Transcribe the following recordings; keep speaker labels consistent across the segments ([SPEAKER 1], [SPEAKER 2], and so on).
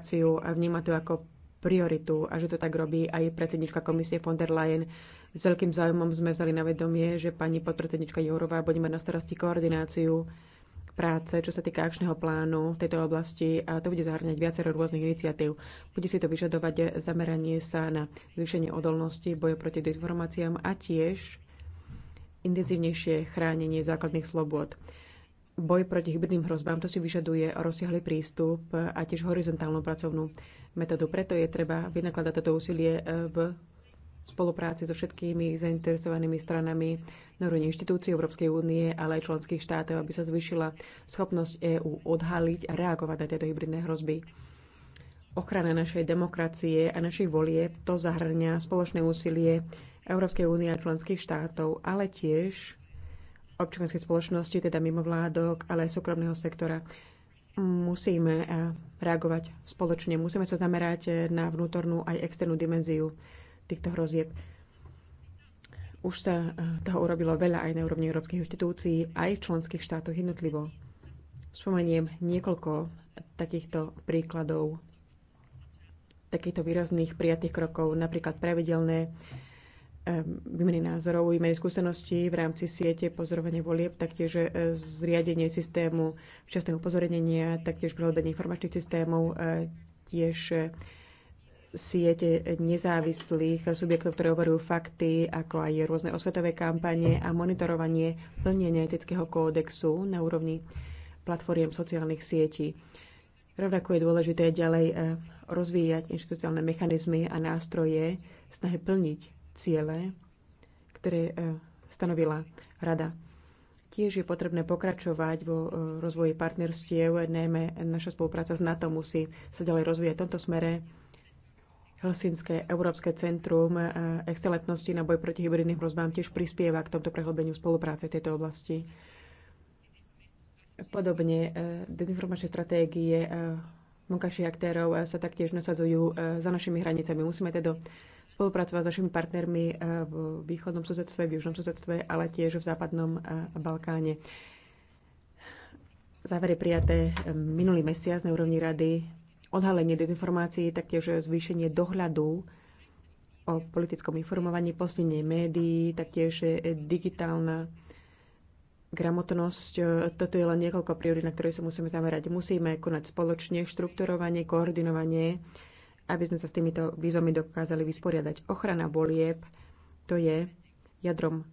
[SPEAKER 1] migráciu a vníma to ako prioritu a že to tak robí aj predsednička komisie von der Leyen. S veľkým záujmom sme vzali na vedomie, že pani podpredsednička Jourová bude mať na starosti koordináciu práce, čo sa týka akčného plánu v tejto oblasti a to bude zahrňať viacero rôznych iniciatív. Bude si to vyžadovať zameranie sa na zvýšenie odolnosti, boju proti dezinformáciám a tiež intenzívnejšie chránenie základných slobôd. Boj proti hybridným hrozbám to si vyžaduje rozsiahly prístup a tiež horizontálnu pracovnú metódu. Preto je treba vynakladať toto úsilie v spolupráci so všetkými zainteresovanými stranami na úrovni inštitúcií Európskej únie, ale aj členských štátov, aby sa zvyšila schopnosť EÚ odhaliť a reagovať na tieto hybridné hrozby. Ochrana našej demokracie a našich volie to zahrňa spoločné úsilie Európskej únie a členských štátov, ale tiež občianskej spoločnosti, teda mimo vládok, ale aj súkromného sektora. Musíme eh, reagovať spoločne, musíme sa zamerať eh, na vnútornú aj externú dimenziu týchto hrozieb. Už sa eh, toho urobilo veľa aj na úrovni európskych inštitúcií, aj v členských štátoch jednotlivo. Spomeniem niekoľko takýchto príkladov, takýchto výrazných prijatých krokov, napríklad pravidelné výmeny názorov, výmeny skúseností v rámci siete pozorovania volieb, taktiež e, zriadenie systému včasného pozornenia, taktiež prehľadanie informačných systémov, e, tiež e, siete nezávislých subjektov, ktoré overujú fakty, ako aj rôzne osvetové kampanie a monitorovanie plnenia etického kódexu na úrovni platformiem sociálnych sietí. Rovnako je dôležité ďalej rozvíjať inštitucionálne mechanizmy a nástroje snahe plniť ciele, ktoré e, stanovila Rada. Tiež je potrebné pokračovať vo e, rozvoji partnerstiev, najmä naša spolupráca s NATO musí sa ďalej rozvíjať v tomto smere. Helsinské Európske centrum e, excelentnosti na boj proti hybridným hrozbám tiež prispieva k tomto prehlbeniu spolupráce v tejto oblasti. Podobne dezinformačné stratégie vonkajších aktérov sa taktiež nasadzujú za našimi hranicami. Musíme teda spolupracovať s našimi partnermi eh, v východnom susedstve, v južnom susedstve, ale tiež v západnom eh, Balkáne. Závery prijaté eh, minulý mesiac na úrovni rady, odhalenie dezinformácií, taktiež zvýšenie dohľadu o politickom informovaní, posnenie médií, taktiež digitálna gramotnosť. Toto je len niekoľko priorít, na ktoré sa musíme zamerať. Musíme konať spoločne, štrukturovanie, koordinovanie aby sme sa s týmito výzvami dokázali vysporiadať. Ochrana volieb to je jadrom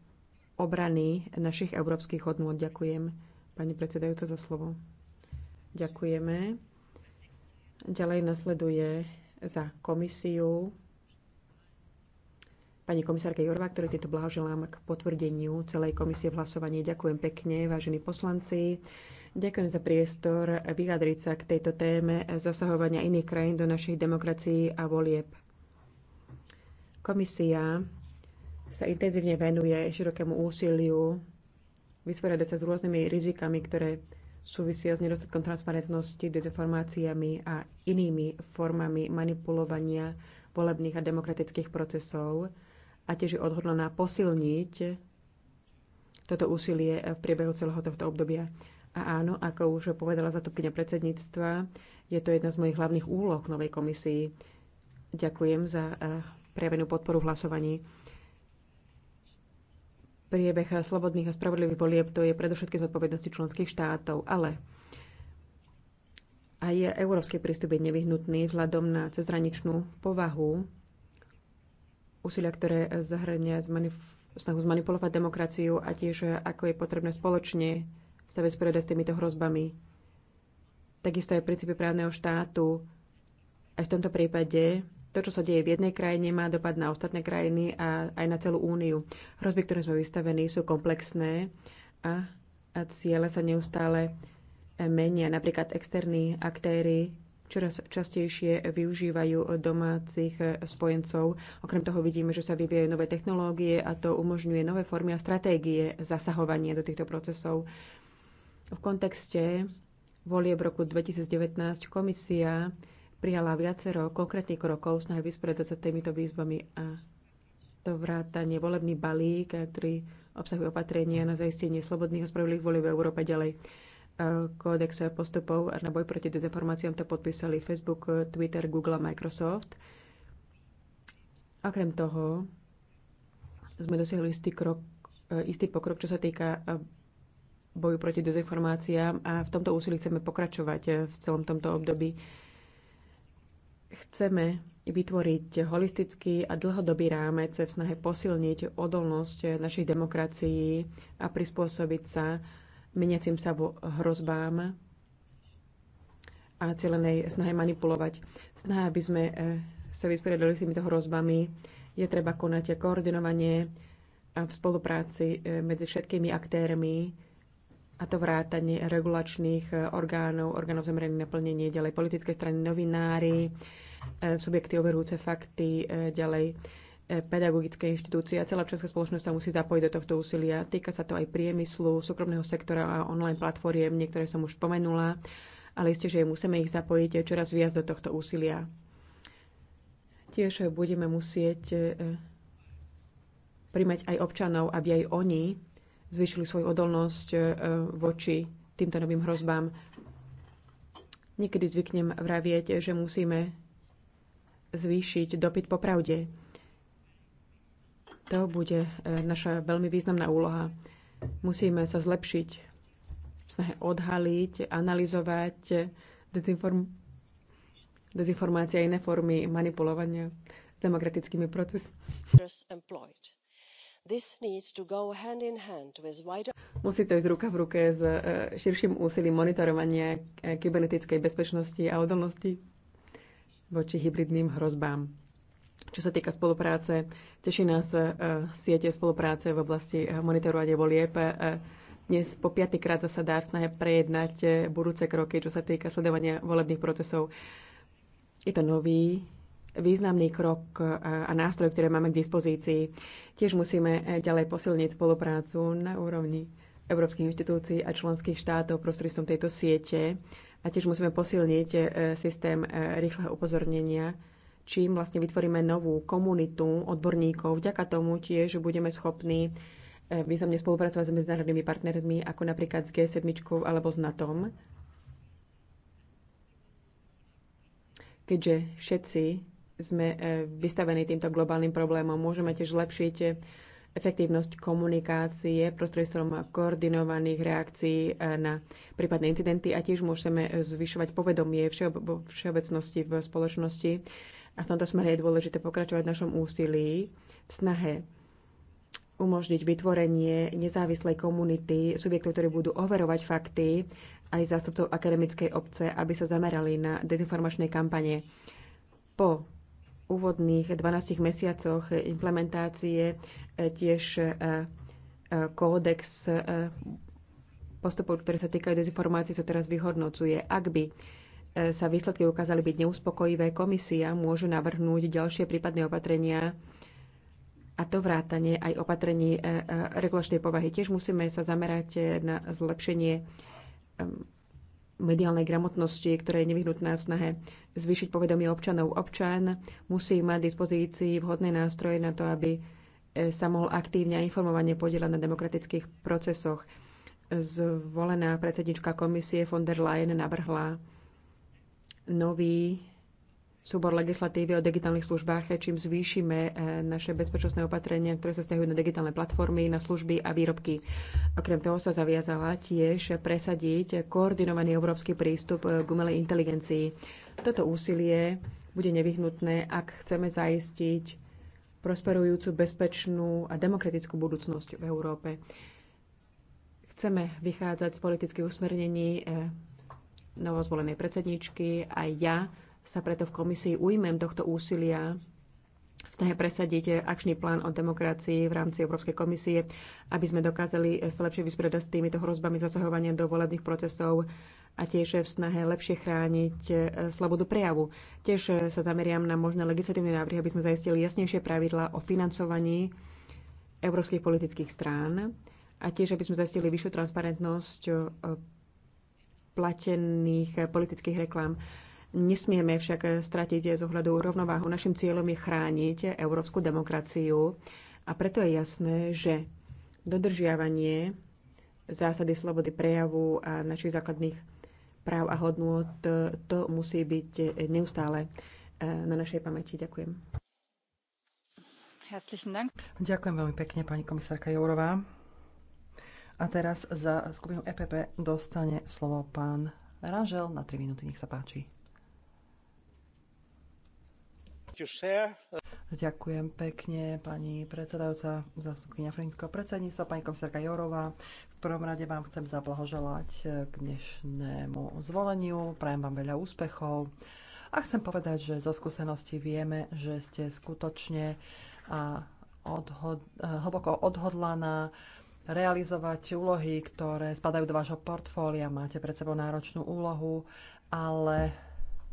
[SPEAKER 1] obrany našich európskych hodnôt. Ďakujem, pani predsedajúca, za slovo. Ďakujeme. Ďalej nasleduje za komisiu pani komisárka Jorva, ktorý týmto blahoželám k potvrdeniu celej komisie v hlasovaní. Ďakujem pekne, vážení poslanci. Ďakujem za priestor vyjadriť sa k tejto téme zasahovania iných krajín do našich demokracií a volieb. Komisia sa intenzívne venuje širokému úsiliu vysporiadať sa s rôznymi rizikami, ktoré súvisia s nedostatkom transparentnosti, dezinformáciami a inými formami manipulovania volebných a demokratických procesov a tiež je odhodlaná posilniť toto úsilie v priebehu celého tohto obdobia. A áno, ako už povedala zastupkynia predsedníctva, je to jedna z mojich hlavných úloh v novej komisii. Ďakujem za eh, prejavenú podporu v hlasovaní. Priebeh slobodných a spravodlivých volieb to je predovšetkým zodpovednosti členských štátov, ale aj európsky prístup je nevyhnutný vzhľadom na cezhraničnú povahu úsilia, ktoré zahrania snahu zmanipulovať demokraciu a tiež ako je potrebné spoločne sa vysporiadať s týmito hrozbami. Takisto aj princípy právneho štátu. Aj v tomto prípade to, čo sa deje v jednej krajine, má dopad na ostatné krajiny a aj na celú úniu. Hrozby, ktoré sme vystavení, sú komplexné a, a ciele sa neustále menia. Napríklad externí aktéry čoraz častejšie využívajú domácich spojencov. Okrem toho vidíme, že sa vyvíjajú nové technológie a to umožňuje nové formy a stratégie zasahovania do týchto procesov. V kontexte volie v roku 2019 komisia prijala viacero konkrétnych krokov snahy vysporiadať sa týmito výzvami a to vrátanie volebný balík, ktorý obsahuje opatrenia na zaistenie slobodných a spravodlivých volieb v Európe ďalej. E, kódex postupov na boj proti dezinformáciám to podpísali Facebook, Twitter, Google a Microsoft. Okrem toho sme dosiahli istý, krok, e, istý pokrok, čo sa týka e, boju proti dezinformáciám a v tomto úsilí chceme pokračovať eh, v celom tomto období. Chceme vytvoriť holistický a dlhodobý rámec v snahe posilniť odolnosť eh, našich demokracií a prispôsobiť sa meniacim sa hrozbám a cieľenej snahe manipulovať. Snaha, aby sme eh, sa vysporiadali s týmito hrozbami, je treba konať koordinovanie a v spolupráci medzi všetkými aktérmi, a to vrátanie regulačných e, orgánov, orgánov zameraných na plnenie, ďalej politické strany, novinári, e, subjekty overujúce fakty, e, ďalej pedagogické inštitúcie a celá česká spoločnosť sa musí zapojiť do tohto úsilia. Týka sa to aj priemyslu, súkromného sektora a online platformiem, niektoré som už spomenula, ale isté, že musíme ich zapojiť čoraz viac do tohto úsilia. Tiež budeme musieť primať aj občanov, aby aj oni zvýšili svoju odolnosť e, voči týmto novým hrozbám. Niekedy zvyknem vravieť, že musíme zvýšiť dopyt po pravde. To bude e, naša veľmi významná úloha. Musíme sa zlepšiť v snahe odhaliť, analyzovať dezinform- dezinformácie a iné formy manipulovania demokratickými procesmi. Musí to ísť ruka v ruke s e, širším úsilím monitorovania e, kybernetickej bezpečnosti a odolnosti voči hybridným hrozbám. Čo sa týka spolupráce, teší nás e, siete spolupráce v oblasti monitorovania volieb. Dnes po piatýkrát zasadá v snahe prejednať budúce kroky, čo sa týka sledovania volebných procesov. Je to nový významný krok e, a nástroj, ktoré máme k dispozícii. Tiež musíme e, ďalej posilniť spoluprácu na úrovni európskych inštitúcií a členských štátov prostredstvom tejto siete a tiež musíme posilniť e, systém rýchleho upozornenia, čím vlastne vytvoríme novú komunitu odborníkov. Vďaka tomu tiež budeme schopní významne spolupracovať s medzinárodnými partnermi, ako napríklad s G7 alebo s NATO. Keďže všetci sme e, vystavení týmto globálnym problémom. Môžeme tiež zlepšiť e, efektívnosť komunikácie prostredstvom koordinovaných reakcií e, na prípadné incidenty a tiež môžeme zvyšovať povedomie všeobecnosti v spoločnosti. A v tomto smere je dôležité pokračovať v našom úsilí v snahe umožniť vytvorenie nezávislej komunity subjektov, ktorí budú overovať fakty aj zástupcov akademickej obce, aby sa zamerali na dezinformačné kampane. Po úvodných 12 mesiacoch implementácie e, tiež e, e, kódex postupov, ktoré sa týkajú dezinformácií, sa teraz vyhodnocuje. Ak by sa výsledky ukázali byť neuspokojivé, komisia môže navrhnúť ďalšie prípadné opatrenia a to vrátanie aj opatrení regulačnej povahy. Tiež musíme sa zamerať na zlepšenie mediálnej gramotnosti, ktorá je nevyhnutná v snahe zvýšiť povedomie občanov. Občan musí mať dispozícii vhodné nástroje na to, aby e, sa mohol aktívne a informovane podielať na demokratických procesoch. Zvolená predsednička komisie von der Leyen navrhla nový súbor legislatívy o digitálnych službách, čím zvýšime e, naše bezpečnostné opatrenia, ktoré sa stiahujú na digitálne platformy, na služby a výrobky. Okrem toho sa zaviazala tiež presadiť koordinovaný európsky prístup e, k umelej inteligencii. Toto úsilie bude nevyhnutné, ak chceme zaistiť prosperujúcu, bezpečnú a demokratickú budúcnosť v Európe. Chceme vychádzať z politických usmernení e, novozvolenej predsedničky aj ja sa preto v komisii ujmem tohto úsilia v snahe presadiť akčný plán o demokracii v rámci Európskej komisie, aby sme dokázali sa lepšie vysporiadať s týmito hrozbami zasahovania do volebných procesov a tiež v snahe lepšie chrániť e, slobodu prejavu. Tiež e, sa zameriam na možné legislatívne návrhy, aby sme zaistili jasnejšie pravidlá o financovaní európskych politických strán a tiež, aby sme zaistili vyššiu transparentnosť e, platených politických reklám. Nesmieme však stratiť z ohľadu rovnováhu. Našim cieľom je chrániť európsku demokraciu a preto je jasné, že dodržiavanie zásady slobody prejavu a našich základných práv a hodnôt, to musí byť neustále
[SPEAKER 2] eh, na našej pamäti. Ďakujem. Ďakujem veľmi pekne, pani komisárka Jourová. A teraz za skupinu EPP dostane slovo pán Ranžel na 3 minúty. Nech sa páči. Ďakujem pekne, pani predsedajúca, zástupkynia Frinského predsedníctva, pani komisárka Jorová. V prvom rade vám chcem zablahoželať k dnešnému zvoleniu, prajem vám veľa úspechov a chcem povedať, že zo skúsenosti vieme, že ste skutočne a odhod, e, hlboko odhodlaná realizovať úlohy, ktoré spadajú do vášho portfólia. Máte pred sebou náročnú úlohu, ale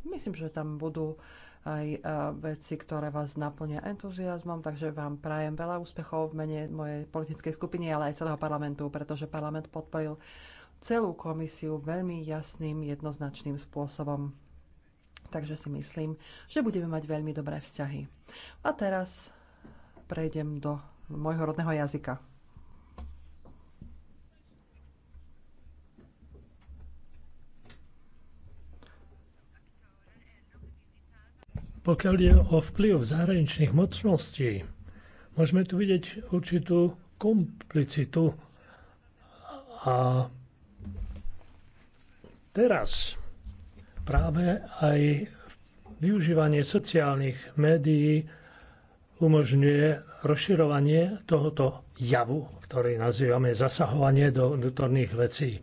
[SPEAKER 2] myslím, že tam budú aj e, veci, ktoré vás naplnia entuziasmom, takže vám prajem veľa úspechov v mene mojej politickej skupiny, ale aj celého parlamentu, pretože parlament podporil celú komisiu veľmi jasným, jednoznačným spôsobom. Takže si myslím, že budeme mať veľmi dobré vzťahy. A teraz prejdem do môjho rodného jazyka.
[SPEAKER 3] Pokiaľ je o vplyv zahraničných mocností, môžeme tu vidieť určitú komplicitu a teraz práve aj využívanie sociálnych médií umožňuje rozširovanie tohoto javu, ktorý nazývame zasahovanie do vnútorných vecí.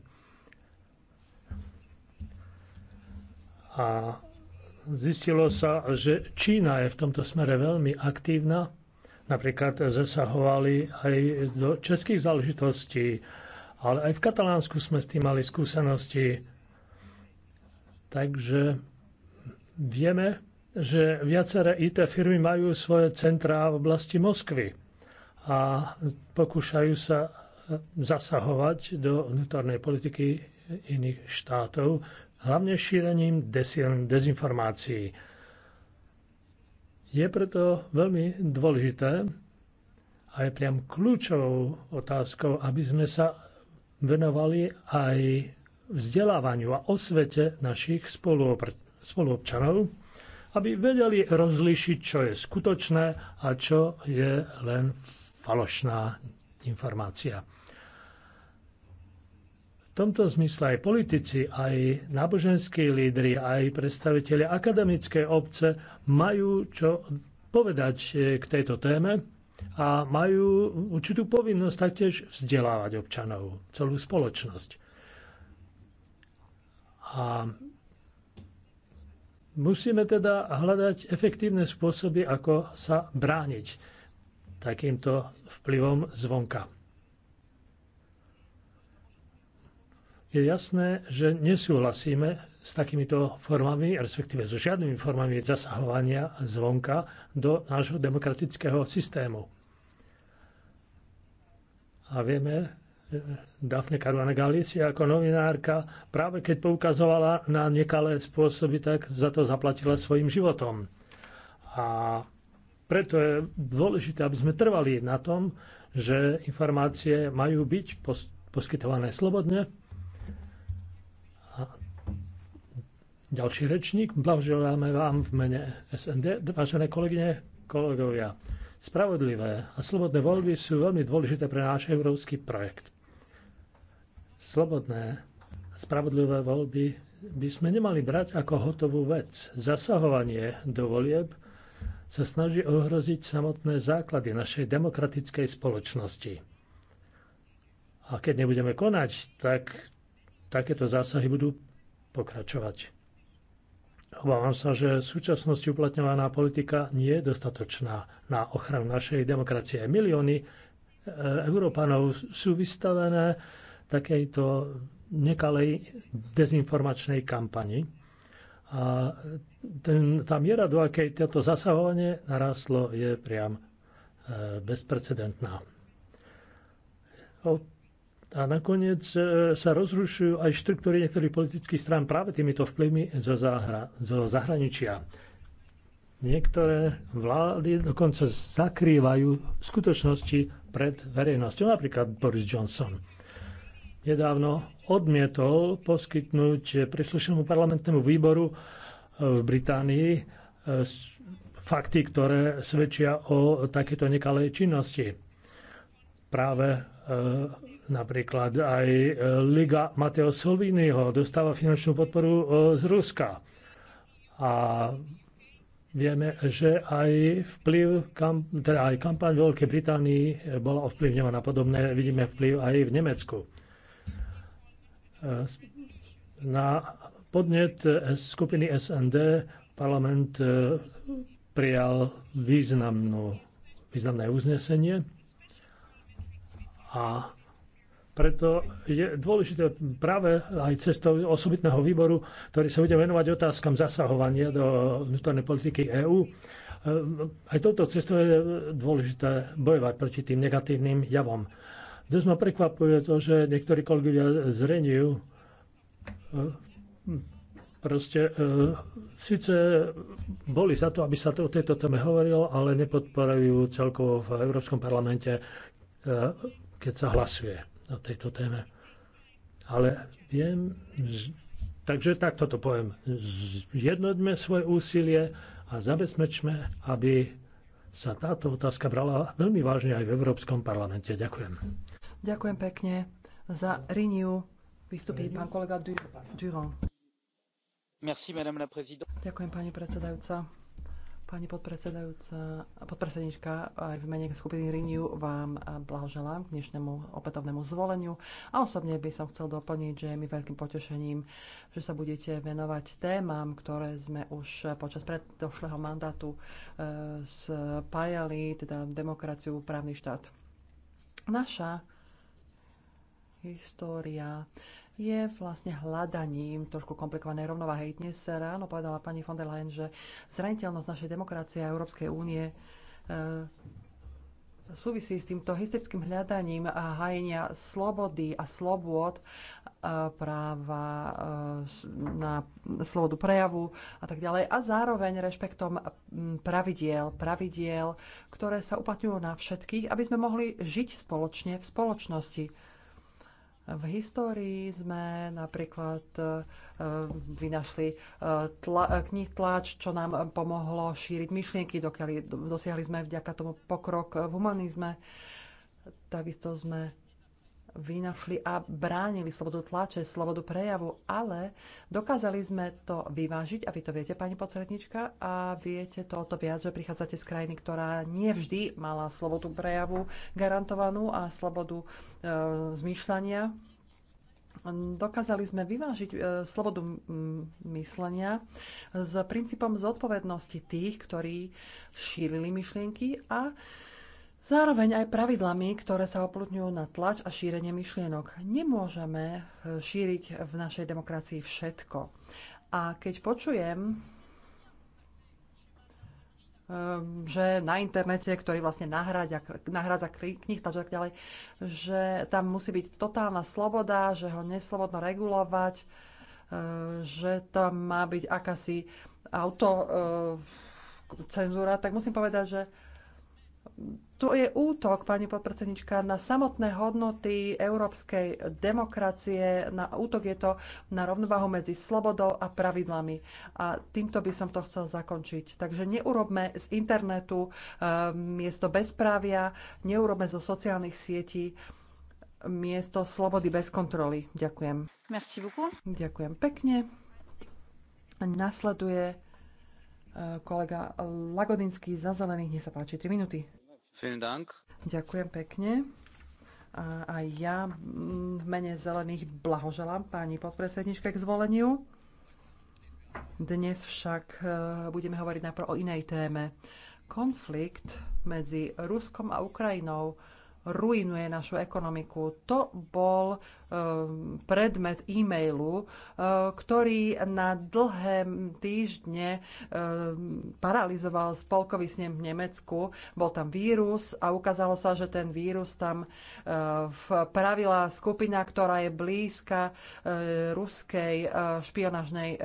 [SPEAKER 3] A zistilo sa, že Čína je v tomto smere veľmi aktívna. Napríklad zasahovali aj do českých záležitostí, ale aj v Katalánsku sme s tým mali skúsenosti. Takže vieme, že viaceré IT firmy majú svoje centrá v oblasti Moskvy a pokúšajú sa zasahovať do vnútornej politiky iných štátov hlavne šírením dezinformácií. Je preto veľmi dôležité a je priam kľúčovou otázkou, aby sme sa venovali aj vzdelávaniu a osvete našich spoluobčanov, aby vedeli rozlišiť, čo je skutočné a čo je len falošná informácia. V tomto zmysle aj politici, aj náboženskí lídry, aj predstavitelia akademické obce majú čo povedať e, k tejto téme a majú určitú povinnosť taktiež vzdelávať občanov, celú spoločnosť. A musíme teda hľadať efektívne spôsoby, ako sa brániť takýmto vplyvom zvonka. je jasné, že nesúhlasíme s takýmito formami, respektíve so žiadnymi formami zasahovania zvonka do nášho demokratického systému. A vieme, Dafne Caruana Galicia ako novinárka, práve keď poukazovala na nekalé spôsoby, tak za to zaplatila svojim životom. A preto je dôležité, aby sme trvali na tom, že informácie majú byť poskytované slobodne, Ďalší rečník, blahoželáme vám v mene SND, vážené kolegyne, kolegovia. Spravodlivé a slobodné voľby sú veľmi dôležité pre náš európsky projekt. Slobodné a spravodlivé voľby by sme nemali brať ako hotovú vec. Zasahovanie do volieb sa snaží ohroziť samotné základy našej demokratickej spoločnosti. A keď nebudeme konať, tak takéto zásahy budú pokračovať. Obávam sa, že v súčasnosti uplatňovaná politika nie je dostatočná na ochranu našej demokracie. Milióny e, Európanov sú vystavené takejto nekalej dezinformačnej kampani. A ten, tá miera, do akej toto zasahovanie narastlo, je priam e, bezprecedentná. A nakoniec e, sa rozrušujú aj štruktúry niektorých politických strán práve týmito vplyvmi zo, zahra, zo zahraničia. Niektoré vlády dokonca zakrývajú skutočnosti pred verejnosťou, napríklad Boris Johnson. Nedávno odmietol poskytnúť príslušnému parlamentnému výboru e, v Británii e, fakty, ktoré svedčia o takéto nekalej činnosti práve e, napríklad aj e, Liga Mateo Salviniho dostáva finančnú podporu e, z Ruska. A vieme, že aj vplyv, teda aj kampaň Veľkej Británii bola ovplyvňovaná podobné. Vidíme vplyv aj v Nemecku. Na podnet skupiny SND parlament prijal významnú, významné uznesenie, a preto je dôležité práve aj cestou osobitného výboru, ktorý sa bude venovať otázkam zasahovania do vnútornej politiky EÚ. Aj touto cestou je dôležité bojovať proti tým negatívnym javom. Dosť ma prekvapuje to, že niektorí kolegovia z Renew eh, proste eh, síce boli za to, aby sa to, o tejto téme hovorilo, ale nepodporujú celkovo v Európskom parlamente eh, keď sa hlasuje na tejto téme. Ale viem, takže takto to poviem. Jednoďme svoje úsilie a zabezpečme, aby sa táto otázka brala veľmi vážne aj v Európskom parlamente. Ďakujem.
[SPEAKER 2] Ďakujem pekne. Za Riniu vystupí pán kolega Durand.
[SPEAKER 3] Merci, madame la
[SPEAKER 2] Ďakujem, pani predsedajúca Pani podpredsedajúca, podpredsednička, aj v mene skupiny Renew vám blahoželám k dnešnému opätovnému zvoleniu a osobne by som chcel doplniť, že je mi veľkým potešením, že sa budete venovať témam, ktoré sme už počas predošlého mandátu e, spájali, teda demokraciu, právny štát. Naša história je vlastne hľadaním trošku komplikovanej rovnováhy. Dnes ráno povedala pani von der Leyen, že zraniteľnosť našej demokracie a Európskej únie e, súvisí s týmto historickým hľadaním a hajenia slobody a slobôd, e, práva e, na slobodu prejavu a tak ďalej. A zároveň rešpektom pravidiel, pravidiel, ktoré sa uplatňujú na všetkých, aby sme mohli žiť spoločne v spoločnosti v histórii sme napríklad e, vynašli e, tla, e, knih tlač, čo nám pomohlo šíriť myšlienky, dokiaľ dosiahli sme vďaka tomu pokrok v humanizme. Takisto sme vynašli a bránili slobodu tlače, slobodu prejavu, ale dokázali sme to vyvážiť a vy to viete, pani podsednička, a viete to o to viac, že prichádzate z krajiny, ktorá nevždy mala slobodu prejavu garantovanú a slobodu e, zmýšľania. Dokázali sme vyvážiť e, slobodu mm, myslenia s princípom zodpovednosti tých, ktorí šírili myšlienky a e, Zároveň aj pravidlami, ktoré sa oplutňujú na tlač a šírenie myšlienok. Nemôžeme eh, šíriť v našej demokracii všetko. A keď počujem, eh, že na internete, ktorý vlastne nahrádia, nahrádza knih, tak ďalej, že tam musí byť totálna sloboda, že ho neslobodno regulovať, eh, že tam má byť akási auto cenzúra, tak musím povedať, že to je útok, pani podpredsednička, na samotné hodnoty európskej demokracie. Na útok je to na rovnováhu medzi slobodou a pravidlami. A týmto by som to chcel zakončiť. Takže neurobme z internetu e, miesto bezprávia, neurobme zo sociálnych sietí miesto slobody bez kontroly. Ďakujem. Merci beaucoup. Ďakujem pekne. Nasleduje eh, kolega Lagodinský za zelených. Nech sa páči, 3 minúty. Ďakujem pekne. A aj ja v mene zelených blahoželám pani podpredsedničke k zvoleniu. Dnes však e, budeme hovoriť najprv o inej téme. Konflikt medzi Ruskom a Ukrajinou ruinuje našu ekonomiku. To bol eh, predmet e-mailu, eh, ktorý na dlhé týždne eh, paralizoval spolkový snem v Nemecku. Bol tam vírus a ukázalo sa, že ten vírus tam vpravila skupina, ktorá je blízka ruskej špionážnej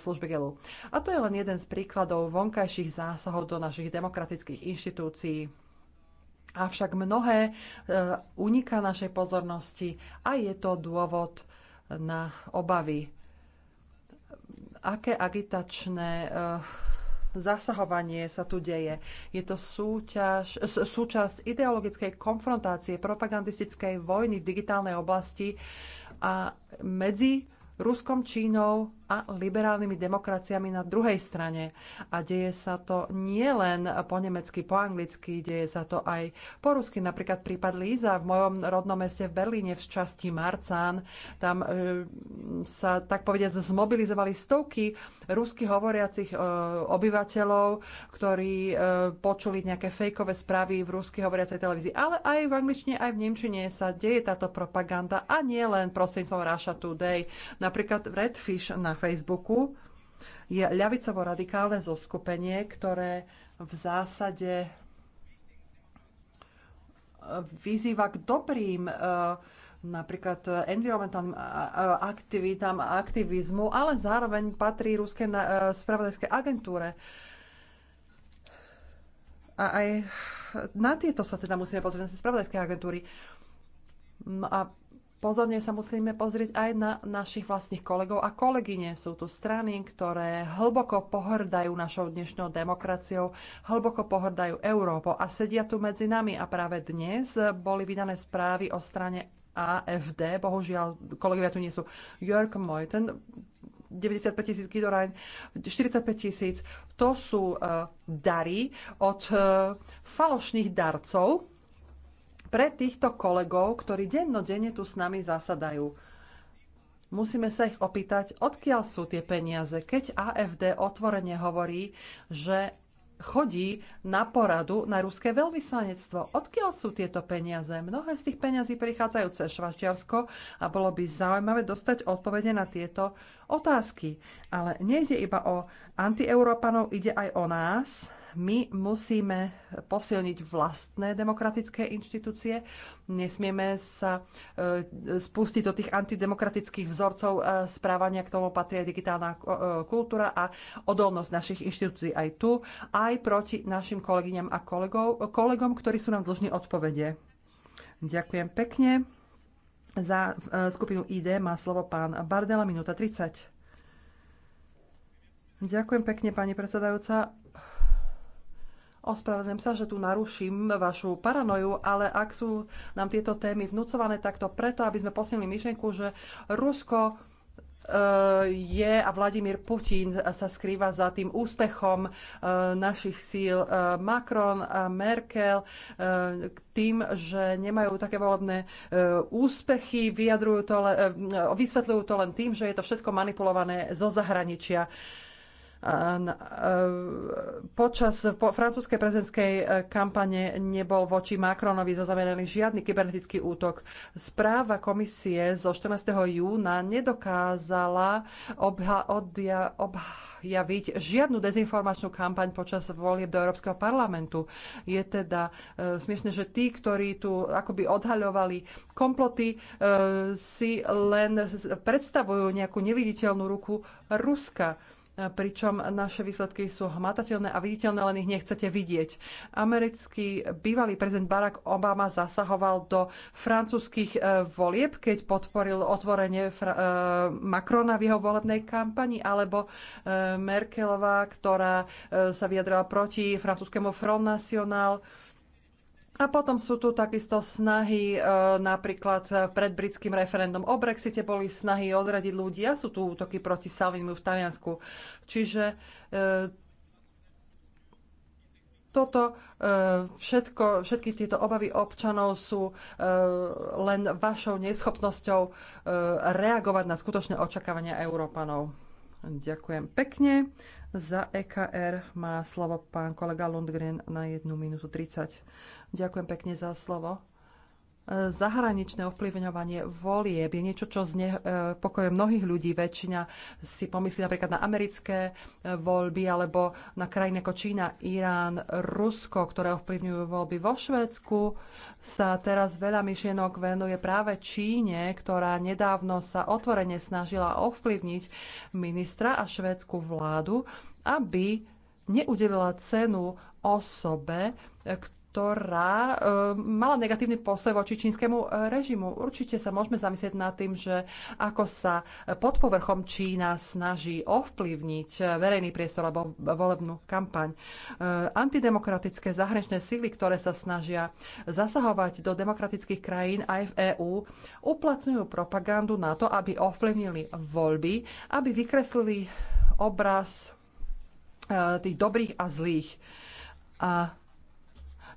[SPEAKER 2] služby GELu. A to je len jeden z príkladov vonkajších zásahov do našich demokratických inštitúcií Avšak mnohé e, uniká našej pozornosti a je to dôvod na obavy. Aké agitačné e, zasahovanie sa tu deje. Je to súťaž, súčasť ideologickej konfrontácie, propagandistickej vojny v digitálnej oblasti a medzi Ruskom, Čínou a liberálnymi demokraciami na druhej strane. A deje sa to nielen po nemecky, po anglicky, deje sa to aj po rusky. Napríklad prípad Líza v mojom rodnom meste v Berlíne v časti Marcán. Tam e, sa, tak povediať, zmobilizovali stovky rusky hovoriacich e, obyvateľov, ktorí e, počuli nejaké fejkové správy v rusky hovoriacej televízii. Ale aj v angličtine, aj v nemčine sa deje táto propaganda a nie len prostredníctvom Russia Today. Napríklad Redfish na Facebooku, je ľavicovo-radikálne zoskupenie, ktoré v zásade eh, vyzýva k dobrým eh, napríklad environmentálnym eh, aktivitám a aktivizmu, ale zároveň patrí ruskej spravodajskej agentúre. A aj na tieto sa teda musíme pozrieť, na spravodajské agentúry. No a Pozorne sa musíme pozrieť aj na našich vlastných kolegov a kolegyne. Sú tu strany, ktoré hlboko pohrdajú našou dnešnou demokraciou, hlboko pohrdajú Európou a sedia tu medzi nami. A práve dnes boli vydané správy o strane AFD. Bohužiaľ, kolegovia tu nie sú. Jörg ten 95 tisíc gidoraň, 45 tisíc. To sú uh, dary od uh, falošných darcov, pre týchto kolegov, ktorí dennodenne tu s nami zasadajú. Musíme sa ich opýtať, odkiaľ sú tie peniaze, keď AFD otvorene hovorí, že chodí na poradu na ruské veľvyslanectvo. Odkiaľ sú tieto peniaze? Mnohé z tých peniazí prichádzajú cez Švačiarsko a bolo by zaujímavé dostať odpovede na tieto otázky. Ale nejde iba o antieurópanov, ide aj o nás my musíme posilniť vlastné demokratické inštitúcie. Nesmieme sa e, spustiť do tých antidemokratických vzorcov e, správania, k tomu patrí digitálna e, kultúra a odolnosť našich inštitúcií aj tu, aj proti našim kolegyňam a kolegov, kolegom, ktorí sú nám dlžní odpovede. Ďakujem pekne. Za skupinu ID má slovo pán Bardela, minúta 30. Ďakujem pekne, pani predsedajúca. Ospravedlňujem sa, že tu naruším vašu paranoju, ale ak sú nám tieto témy vnúcované, tak to preto, aby sme posilili myšlienku, že Rusko eh, je a Vladimír Putin sa skrýva za tým úspechom eh, našich síl eh, Macron a Merkel tým, že nemajú také volebné úspechy, vyjadrujú to, vysvetľujú to len tým, že je to všetko manipulované zo zahraničia. E, počas francúzskej prezidentskej e, kampane nebol voči Macronovi zaznamenaný žiadny kybernetický útok. Správa komisie zo 14. júna nedokázala obha- odja- objaviť žiadnu dezinformačnú kampaň počas volieb do Európskeho parlamentu. Je teda e, smiešne, že tí, ktorí tu akoby odhaľovali komploty, e, si len predstavujú nejakú neviditeľnú ruku Ruska pričom naše výsledky sú hmatateľné a viditeľné, len ich nechcete vidieť. Americký bývalý prezident Barack Obama zasahoval do francúzskych e, volieb, keď podporil otvorenie e, Macrona v jeho volebnej kampani, alebo e, Merkelová, ktorá sa vyjadrala proti francúzskému Front National a potom sú tu takisto snahy, e, napríklad pred britským referendum o Brexite boli snahy odradiť ľudí a sú tu útoky proti Salvinu v Taliansku. Čiže e, toto e, všetko, všetky tieto obavy občanov sú len vašou neschopnosťou reagovať na skutočné očakávania Európanov. Ďakujem pekne. Za EKR má slovo pán kolega Lundgren na 1 minútu 30. Ďakujem pekne za slovo. E, zahraničné ovplyvňovanie volieb je niečo, čo znepokojuje e, mnohých ľudí. Väčšina si pomyslí napríklad na americké e, voľby alebo na krajiny ako Čína, Irán, Rusko, ktoré ovplyvňujú voľby. Vo Švédsku sa teraz veľa myšlienok venuje práve Číne, ktorá nedávno sa otvorene snažila ovplyvniť ministra a švédsku vládu, aby neudelila cenu osobe, ktorá e, mala negatívny postoj voči čínskemu e, režimu. Určite sa môžeme zamyslieť nad tým, že ako sa pod povrchom Čína snaží ovplyvniť verejný priestor alebo volebnú kampaň. E, antidemokratické zahraničné síly, ktoré sa snažia zasahovať do demokratických krajín aj v EÚ, uplatňujú propagandu na to, aby ovplyvnili voľby, aby vykreslili obraz tých dobrých a zlých. A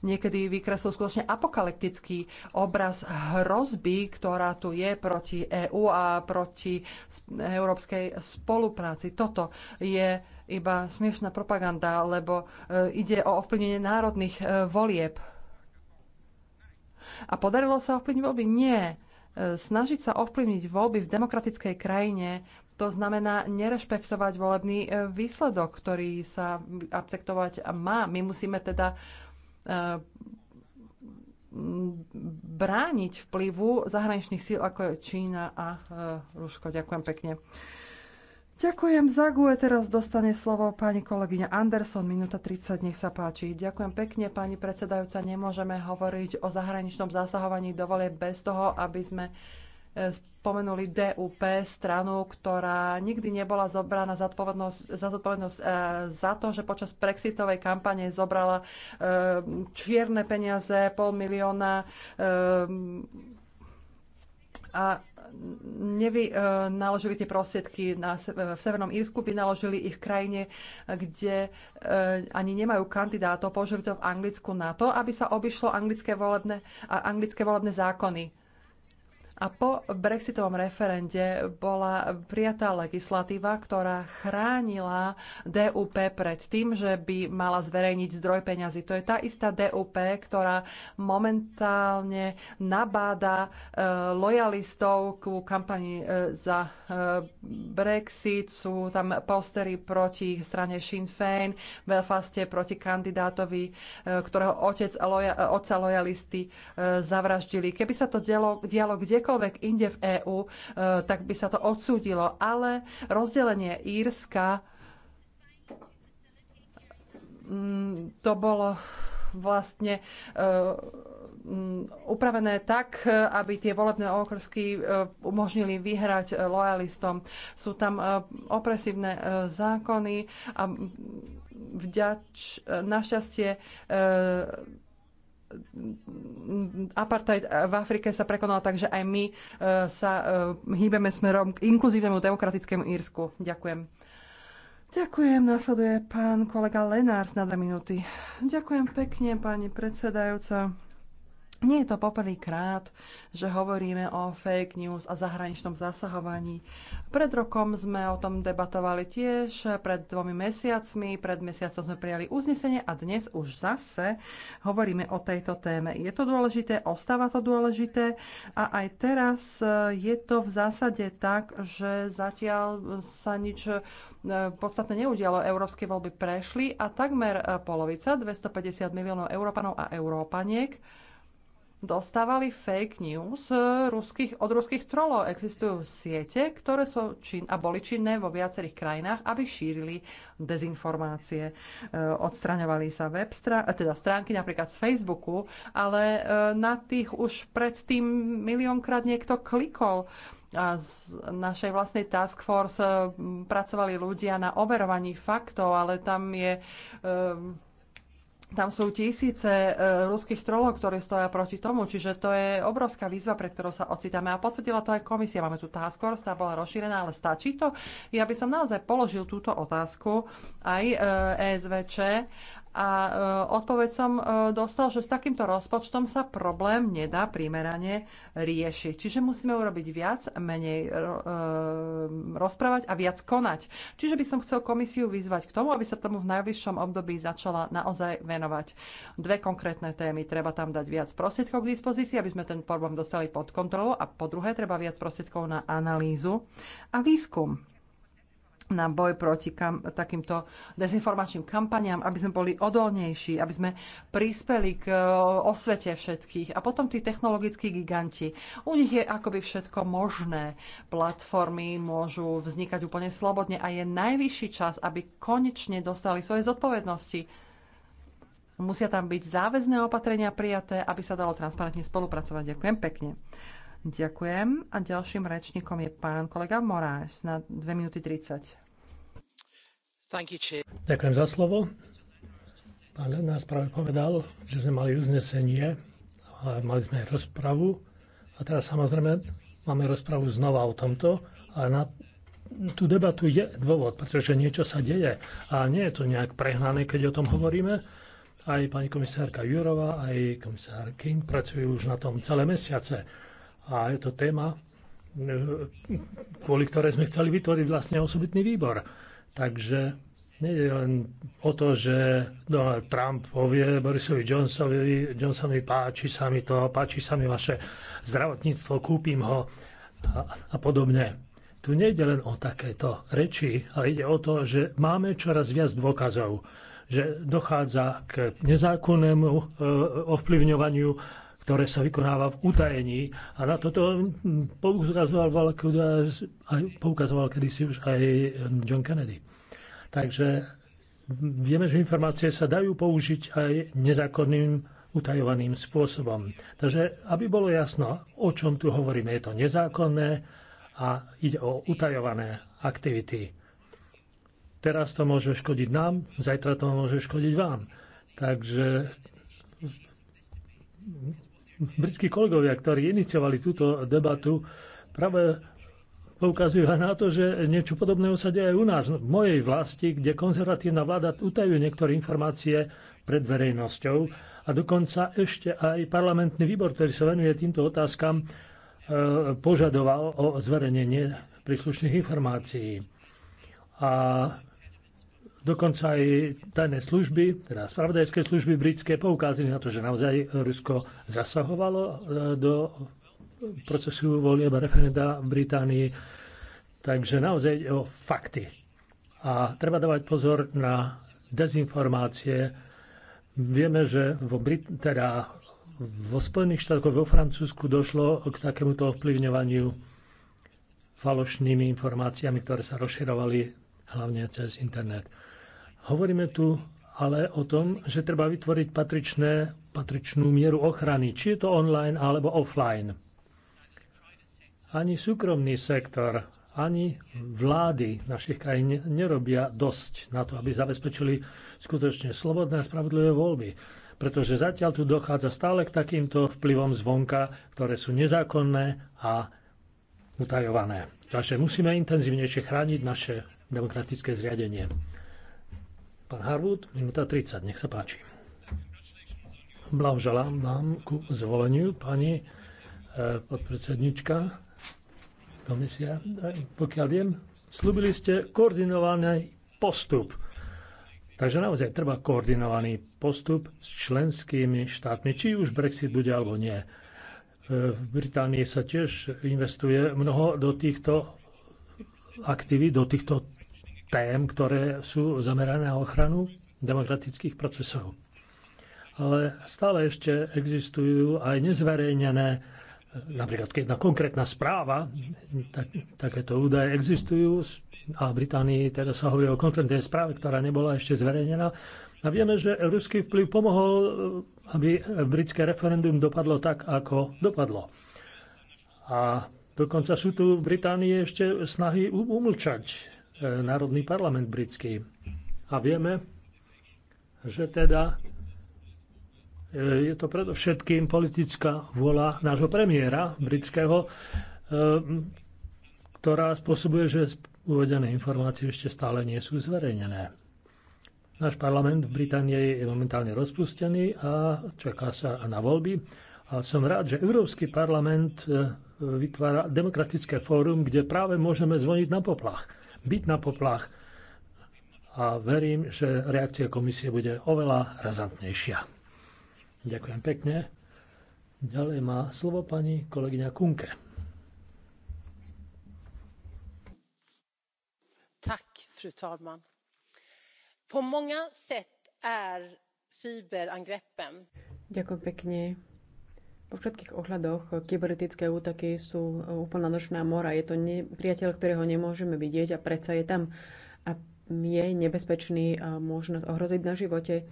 [SPEAKER 2] niekedy vykreslil skutočne apokalyptický obraz hrozby, ktorá tu je proti EÚ a proti európskej spolupráci. Toto je iba smiešná propaganda, lebo e, ide o ovplyvnenie národných e, volieb. A podarilo sa ovplyvniť voľby? Nie. E, snažiť sa ovplyvniť voľby v demokratickej krajine to znamená nerešpektovať volebný výsledok, ktorý sa akceptovať má. My musíme teda brániť vplyvu zahraničných síl, ako je Čína a e, Rusko. Ďakujem pekne. Ďakujem za GUE. Teraz dostane slovo pani kolegyňa Anderson, minúta 30, nech sa páči. Ďakujem pekne, pani predsedajúca. Nemôžeme hovoriť o zahraničnom zasahovaní dovolie bez toho, aby sme spomenuli DUP, stranu, ktorá nikdy nebola zobraná za zodpovednosť, za, zodpovednosť e, za to, že počas brexitovej kampane zobrala e, čierne peniaze, pol milióna e, a nevy, naložili tie prostriedky na, v Severnom Írsku, vynaložili ich v krajine, kde ani nemajú kandidátov, použili to v Anglicku na to, aby sa obišlo anglické volebné, anglické volebné zákony a po brexitovom referende bola prijatá legislatíva, ktorá chránila DUP pred tým, že by mala zverejniť zdroj peňazí. To je tá istá DUP, ktorá momentálne nabáda e, lojalistov ku kampani e, za e, Brexit. Sú tam postery proti strane Sinn Féin, Belfaste proti kandidátovi, ktorého otec, loja, oca lojalisti zavraždili. Keby sa to dialo, dialo kde kdekoľvek inde v EÚ, eh, tak by sa to odsúdilo. Ale rozdelenie Írska mm, to bolo vlastne eh, upravené tak, aby tie volebné okrsky eh, umožnili vyhrať lojalistom. Sú tam opresívne zákony a vďač, našťastie apartheid v Afrike sa prekonal, takže aj my e, sa e, hýbeme smerom k inkluzívnemu demokratickému Írsku. Ďakujem. Ďakujem. Nasleduje pán kolega Lenárs na dve minúty. Ďakujem pekne, pani predsedajúca. Nie je to poprvýkrát, že hovoríme o fake news a zahraničnom zasahovaní. Pred rokom sme o tom debatovali tiež, pred dvomi mesiacmi, pred mesiacom sme prijali uznesenie a dnes už zase hovoríme o tejto téme. Je to dôležité, ostáva to dôležité a aj teraz je to v zásade tak, že zatiaľ sa nič e, podstatne neudialo. Európske voľby prešli a takmer e, polovica, 250 miliónov Európanov a Európaniek, dostávali fake news eh, ruských, od ruských trolov. Existujú siete, ktoré sú čin, a boli činné vo viacerých krajinách, aby šírili dezinformácie. Eh, odstraňovali sa web strán, eh, teda stránky napríklad z Facebooku, ale na tých už predtým miliónkrát niekto klikol. A z našej vlastnej task force pracovali ľudia na overovaní faktov, ale tam je tam sú tisíce e, ruských trolov, ktorí stoja proti tomu, čiže to je obrovská výzva, pre ktorú sa ocitáme. A potvrdila to aj komisia. Máme tu task force, tá bola rozšírená, ale stačí to? Ja by som naozaj položil túto otázku aj e, ESVČ a e, odpoveď som e, dostal, že s takýmto rozpočtom sa problém nedá primerane riešiť. Čiže musíme urobiť viac, menej e, rozprávať a viac konať. Čiže by som chcel komisiu vyzvať k tomu, aby sa tomu v najvyššom období začala naozaj venovať. Dve konkrétne témy. Treba tam dať viac prostriedkov k dispozícii, aby sme ten problém dostali pod kontrolu a po druhé treba viac prostriedkov na analýzu a výskum na boj proti kam, takýmto dezinformačným kampaniám, aby sme boli odolnejší, aby sme prispeli k e, osvete všetkých. A potom tí technologickí giganti. U nich je akoby všetko možné. Platformy môžu vznikať úplne slobodne a je najvyšší čas, aby konečne dostali svoje zodpovednosti. Musia tam byť záväzné opatrenia prijaté, aby sa dalo transparentne spolupracovať. Ďakujem pekne. Ďakujem. A ďalším rečníkom je pán kolega Moráš na 2 minúty 30.
[SPEAKER 3] You, Ďakujem za slovo. Pán nás práve povedal, že sme mali uznesenie a mali sme aj rozpravu. A teraz samozrejme máme rozpravu znova o tomto, a na tú debatu je dôvod, pretože niečo sa deje a nie je to nejak prehnané, keď o tom hovoríme. Aj pani komisárka Jurova, aj komisár King pracujú už na tom celé mesiace. A je to téma, e, kvôli ktorej sme chceli vytvoriť vlastne osobitný výbor. Takže nie je len o to, že Donald Trump povie Borisovi Johnsonovi, Johnsonovi páči sa mi to, páči sa mi vaše zdravotníctvo, kúpim ho a, a podobne. Tu nejde len o takéto reči, ale ide o to, že máme čoraz viac dôkazov, že dochádza k nezákonnému e, ovplyvňovaniu ktoré sa vykonáva v utajení. A na toto poukazoval, poukazoval kedysi už aj John Kennedy. Takže vieme, že informácie sa dajú použiť aj nezákonným utajovaným spôsobom. Takže, aby bolo jasno, o čom tu hovoríme, je to nezákonné a ide o utajované aktivity. Teraz to môže škodiť nám, zajtra to môže škodiť vám. Takže britskí kolegovia, ktorí iniciovali túto debatu, práve poukazujú na to, že niečo podobného sa deje aj u nás, v mojej vlasti, kde konzervatívna vláda utajuje niektoré informácie pred verejnosťou a dokonca ešte aj parlamentný výbor, ktorý sa venuje týmto otázkam, e, požadoval o zverejnenie príslušných informácií. A Dokonca aj tajné služby, teda spravodajské služby britské, poukázali na to, že naozaj Rusko zasahovalo e, do procesu volieb a referenda v Británii. Takže naozaj o fakty. A treba dávať pozor na dezinformácie. Vieme, že vo, Brit- teda vo Spojených štátoch, vo Francúzsku došlo k takémuto ovplyvňovaniu falošnými informáciami, ktoré sa rozširovali hlavne cez internet. Hovoríme tu ale o tom, že treba vytvoriť patričné, patričnú mieru ochrany, či je to online alebo offline. Ani súkromný sektor, ani vlády našich krajín nerobia dosť na to, aby zabezpečili skutočne slobodné a spravodlivé voľby. Pretože zatiaľ tu dochádza stále k takýmto vplyvom zvonka, ktoré sú nezákonné a utajované. Takže musíme intenzívnejšie chrániť naše demokratické zriadenie. Pán Harwood, minúta 30, nech sa páči. Blahoželám vám ku zvoleniu, pani e, podpredsednička komisia. E, pokiaľ viem, slúbili ste koordinovaný postup. Takže naozaj treba koordinovaný postup s členskými štátmi, či už Brexit bude alebo nie. E, v Británii sa tiež investuje mnoho do týchto aktivít, do týchto tém, ktoré sú zamerané na ochranu demokratických procesov. Ale stále ešte existujú aj nezverejnené, napríklad keď na konkrétna správa, tak, takéto údaje existujú a v Británii teda sa hovorí o konkrétnej správe, ktorá nebola ešte zverejnená. A vieme, že ruský vplyv pomohol, aby britské referendum dopadlo tak, ako dopadlo. A dokonca sú tu v Británii ešte snahy umlčať E, Národný parlament britský. A vieme, že teda e, je to predovšetkým politická vôľa nášho premiéra britského, e, ktorá spôsobuje, že uvedené informácie ešte stále nie sú zverejnené. Náš parlament v Británii je momentálne rozpustený a čaká sa na voľby. A som rád, že Európsky parlament vytvára demokratické fórum, kde práve môžeme zvoniť na poplach byť na poplach a verím, že reakcia komisie bude oveľa razantnejšia. Ďakujem pekne. Ďalej má slovo pani kolegyňa Kunke.
[SPEAKER 2] Tak, fru talman. Po många sätt är cyberangreppen.
[SPEAKER 1] Ďakujem pekne. Vo všetkých ohľadoch eh, kybernetické útoky sú eh, úplná nočná mora. Je to ne- priateľ, ktorého nemôžeme vidieť a predsa je tam a je nebezpečný a môže nás ohroziť na živote.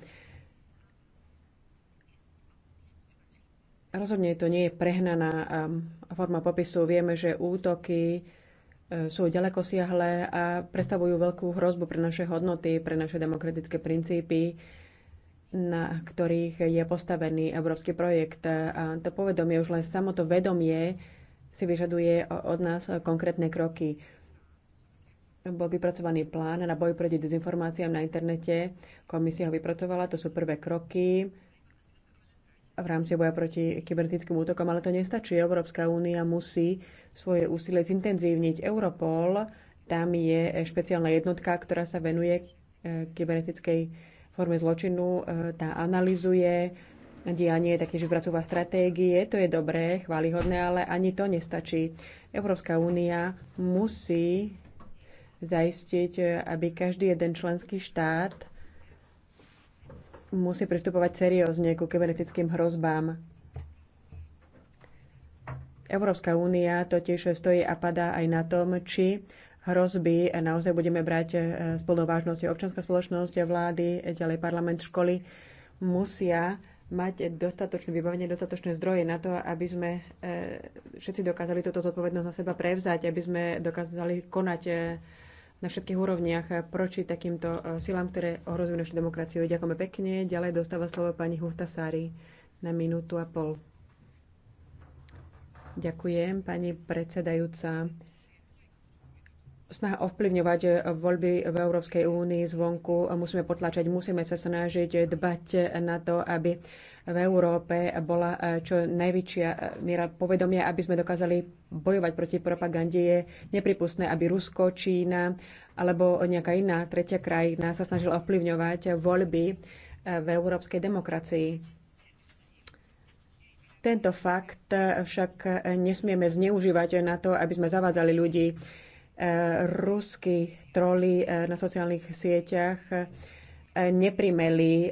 [SPEAKER 1] Rozhodne to nie je prehnaná eh, forma popisu. Vieme, že útoky sú ďaleko siahlé a predstavujú veľkú hrozbu pre naše hodnoty, pre naše demokratické princípy na ktorých je postavený európsky projekt. A to povedomie, už len samo to vedomie si vyžaduje od nás konkrétne kroky. Bol vypracovaný plán na boj proti dezinformáciám na internete. Komisia ho vypracovala, to sú prvé kroky v rámci boja proti kybernetickým útokom, ale to nestačí. Európska únia musí svoje úsilie zintenzívniť. Europol, tam je špeciálna jednotka, ktorá sa venuje e, kybernetickej forme zločinu, e, tá analizuje dianie, že pracová stratégie. To je dobré, chválihodné, ale ani to nestačí. Európska únia musí zaistiť, e, aby každý jeden členský štát musí pristupovať seriózne ku kybernetickým hrozbám. Európska únia totiž stojí a padá aj na tom, či hrozby naozaj budeme brať e, s plnou vážnosťou. Občanská spoločnosť, vlády, ďalej parlament, školy musia mať dostatočné vybavenie, dostatočné zdroje na to, aby sme e, všetci dokázali túto zodpovednosť na seba prevzať, aby sme dokázali konať e, na všetkých úrovniach proti takýmto silám, ktoré ohrozujú našu demokraciu. Ďakujeme pekne. Ďalej dostáva slovo pani Huhtasári na minútu a pol. Ďakujem, pani predsedajúca snaha ovplyvňovať voľby v Európskej únii zvonku musíme potlačať, musíme sa snažiť dbať na to, aby v Európe bola čo najväčšia miera povedomia, aby sme dokázali bojovať proti propagande. Je nepripustné, aby Rusko, Čína alebo nejaká iná tretia krajina sa snažila ovplyvňovať voľby v európskej demokracii. Tento fakt však nesmieme zneužívať na to, aby sme zavádzali ľudí rusky troli eh, na sociálnych sieťach eh, neprimeli eh,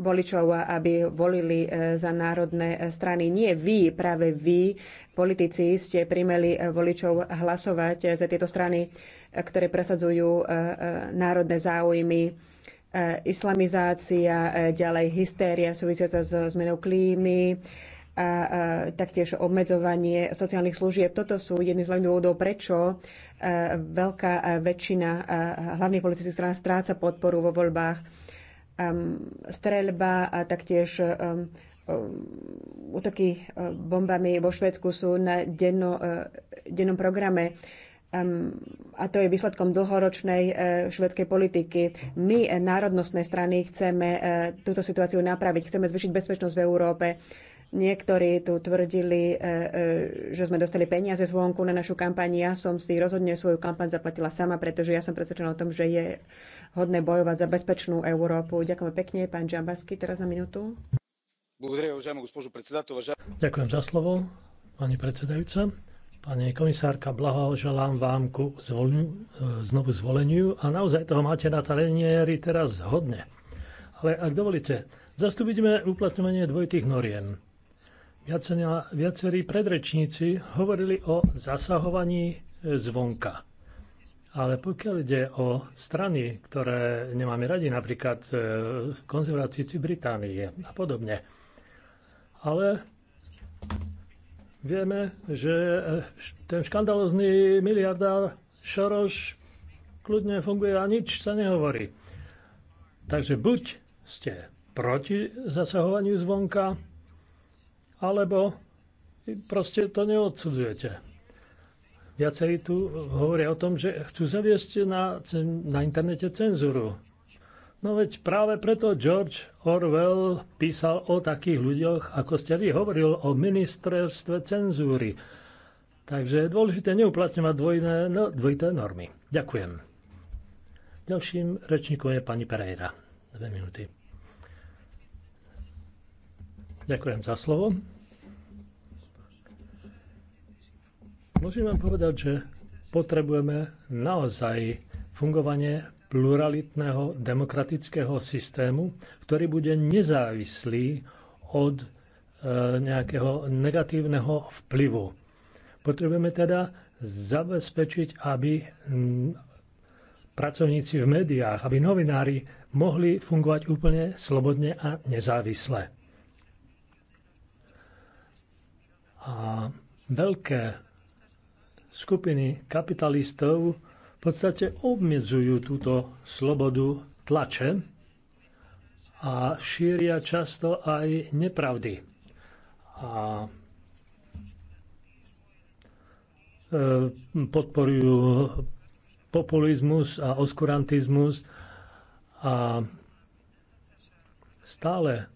[SPEAKER 1] voličov, aby volili za národné strany. Nie vy, práve vy, politici, ste primeli voličov hlasovať za tieto strany, ktoré presadzujú národné záujmy islamizácia, ďalej hystéria súvisiaca so zmenou klímy, a taktiež obmedzovanie sociálnych služieb. Toto sú jedny z hlavných dôvodov, prečo veľká väčšina hlavných politických strán stráca podporu vo voľbách. Streľba a taktiež útoky e, bombami vo Švedsku sú na denno, e, dennom programe a to je výsledkom dlhoročnej e, švedskej politiky. My, národnostné strany, chceme túto situáciu napraviť, chceme zvyšiť bezpečnosť v Európe Niektorí tu tvrdili, e, e, že sme dostali peniaze zvonku na našu kampaň. Ja som si rozhodne svoju kampaň zaplatila sama, pretože ja som presvedčená o tom, že je hodné bojovať za bezpečnú Európu. Ďakujem pekne, pán Džambasky, teraz na minútu.
[SPEAKER 3] Ďakujem za slovo, pani predsedajúca. Pani komisárka, blahoželám vám ku zvolňu, znovu zvoleniu a naozaj toho máte na tanieri teraz hodne. Ale ak dovolíte, zastupíme uplatňovanie dvojitých noriem Viacerí predrečníci hovorili o zasahovaní e, zvonka. Ale pokiaľ ide o strany, ktoré nemáme radi, napríklad e, konzervatíci Británie a podobne, ale vieme, že e, ten škandalozný miliardár Šoroš kľudne funguje a nič sa nehovorí. Takže buď ste proti zasahovaniu zvonka, alebo proste to neodsudzujete. Viacerí tu hovoria o tom, že chcú zaviesť na, na internete cenzúru. No veď práve preto George Orwell písal o takých ľuďoch, ako ste vy hovoril, o ministerstve cenzúry. Takže je dôležité neuplatňovať dvojné, no, dvojité normy. Ďakujem. Ďalším rečníkom je pani Pereira. Dve minúty. Ďakujem za slovo. Musím vám povedať, že potrebujeme naozaj fungovanie pluralitného demokratického systému, ktorý bude nezávislý od e, nejakého negatívneho vplyvu. Potrebujeme teda zabezpečiť, aby pracovníci v médiách, aby novinári mohli fungovať úplne slobodne a nezávisle. A veľké skupiny kapitalistov v podstate obmedzujú túto slobodu tlače a šíria často aj nepravdy. A e, podporujú populizmus a oskurantizmus a stále